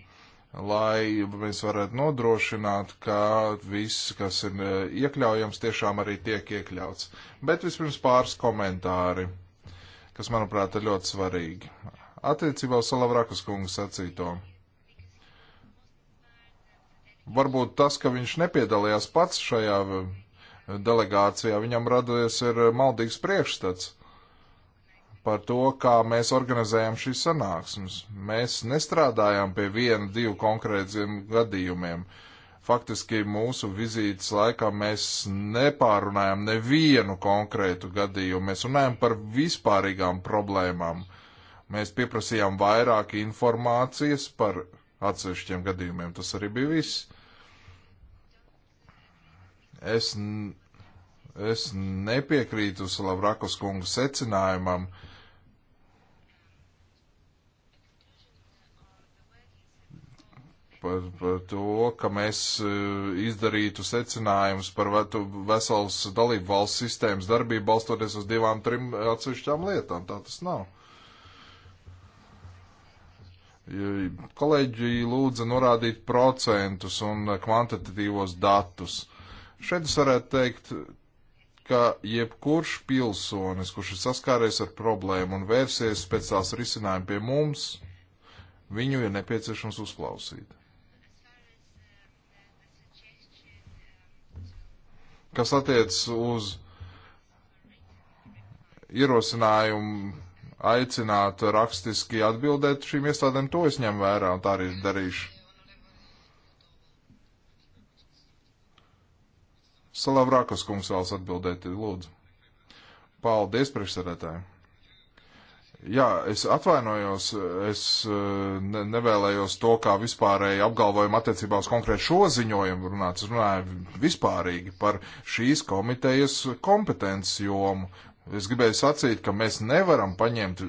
S1: lai mēs varētu nodrošināt, ka viss, kas ir iekļaujams, tiešām arī tiek iekļauts. Bet vispirms pāris komentāri, kas, manuprāt, ir ļoti svarīgi. Attiecībā uz Salavrākas kungu sacīto varbūt tas, ka viņš nepiedalījās pats šajā eh, delegācijā, viņam radojas ir eh, maldīgs priekšstats par to, kā mēs organizējam šīs sanāksmes. Mēs nestrādājām pie viena, divu konkrētiem gadījumiem. Faktiski mūsu vizītes laikā mēs nepārunājām nevienu konkrētu gadījumu, mēs runājām par vispārīgām problēmām. Mēs pieprasījām vairāk informācijas par atsevišķiem gadījumiem. Tas arī bija viss. Es, es nepiekrītu Slavrakos kungu secinājumam, par, par to, ka mēs e, izdarītu secinājumus par veselas dalību valsts sistēmas darbību balstoties uz divām, trim atsevišķām lietām. Tā tas nav. Kolēģi lūdza norādīt procentus un kvantitatīvos datus. Šeit es varētu teikt, ka jebkurš pilsonis, kurš ir saskāries ar problēmu un vērsies pēc tās risinājuma pie mums, viņu ir nepieciešams uzklausīt. Kas attiec uz ierosinājumu aicinātu rakstiski atbildēt šīm iestādēm, to es ņem vērā un tā arī darīšu. Salavrākas kungs vēlas atbildēt, lūdzu. Paldies, priekšsēdētāji. Jā, es atvainojos, es eh, ne, nevēlējos to kā vispārēji apgalvojumu attiecībā uz konkrētu šo ziņojumu runāt. Es runāju vispārīgi par šīs komitejas kompetences jomu Es gribēju sacīt, ka mēs nevaram paņemt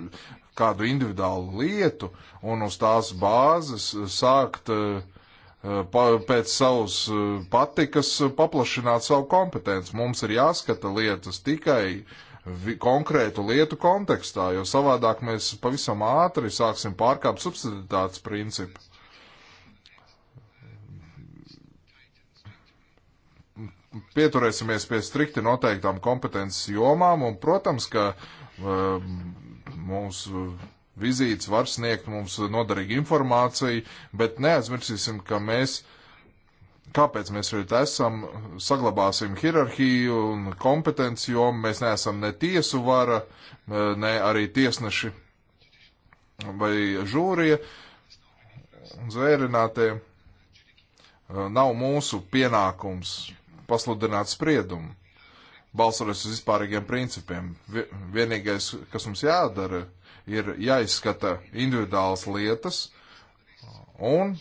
S1: kādu individuālu lietu un uz tās bāzes sākt eh, eh, pa, pēc savas eh, patikas paplašināt savu kompetenci. Mums ir jāskata lietas tikai vi, konkrētu lietu kontekstā, jo savādāk mēs pavisam ātri sāksim pārkāpt subsiditātes principu. pieturēsimies pie strikti noteiktām kompetences jomām, un, protams, ka um, mūsu uh, vizītes var sniegt mums noderīgu informāciju, bet neaizmirsīsim, ka mēs, kāpēc mēs šeit esam, saglabāsim hierarhiju un kompetenci, jo mēs neesam ne tiesu vara, uh, ne arī tiesneši vai žūrija un zvērinātie. Uh, nav mūsu pienākums pasludināt spriedumu, balsoties uz vispārīgiem principiem. Vienīgais, kas mums jādara, ir jāizskata individuālas lietas un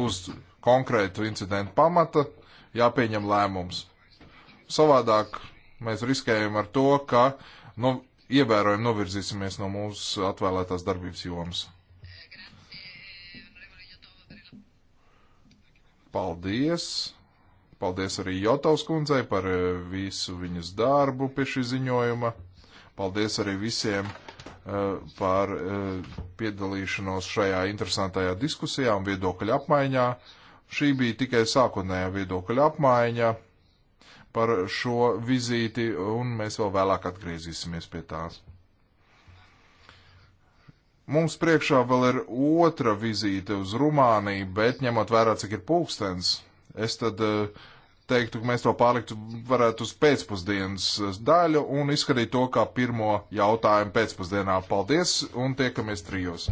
S1: uz konkrētu incidentu pamata jāpieņem lēmums. Savādāk mēs riskējam ar to, ka nu, ievērojami novirzīsimies no mūsu atvēlētās darbības jomas. Paldies! Paldies arī Jotaus kundzei par e, visu viņas darbu pie šī ziņojuma. Paldies arī visiem uh, par uh, piedalīšanos šajā interesantajā diskusijā un viedokļu apmaiņā. Šī bija tikai sākotnējā viedokļa apmaiņa par šo vizīti, un mēs vēl vēlāk atgriezīsimies pie tās. Mums priekšā vēl ir otra vizīte uz Rumāniju, bet ņemot vērā, cik ir pulkstens, Es tad eh, teiktu, ka mēs to pārliktu varētu uz pēcpusdienas eh, daļu un izskatīt to kā pirmo jautājumu pēcpusdienā. Paldies un tiekamies trijos!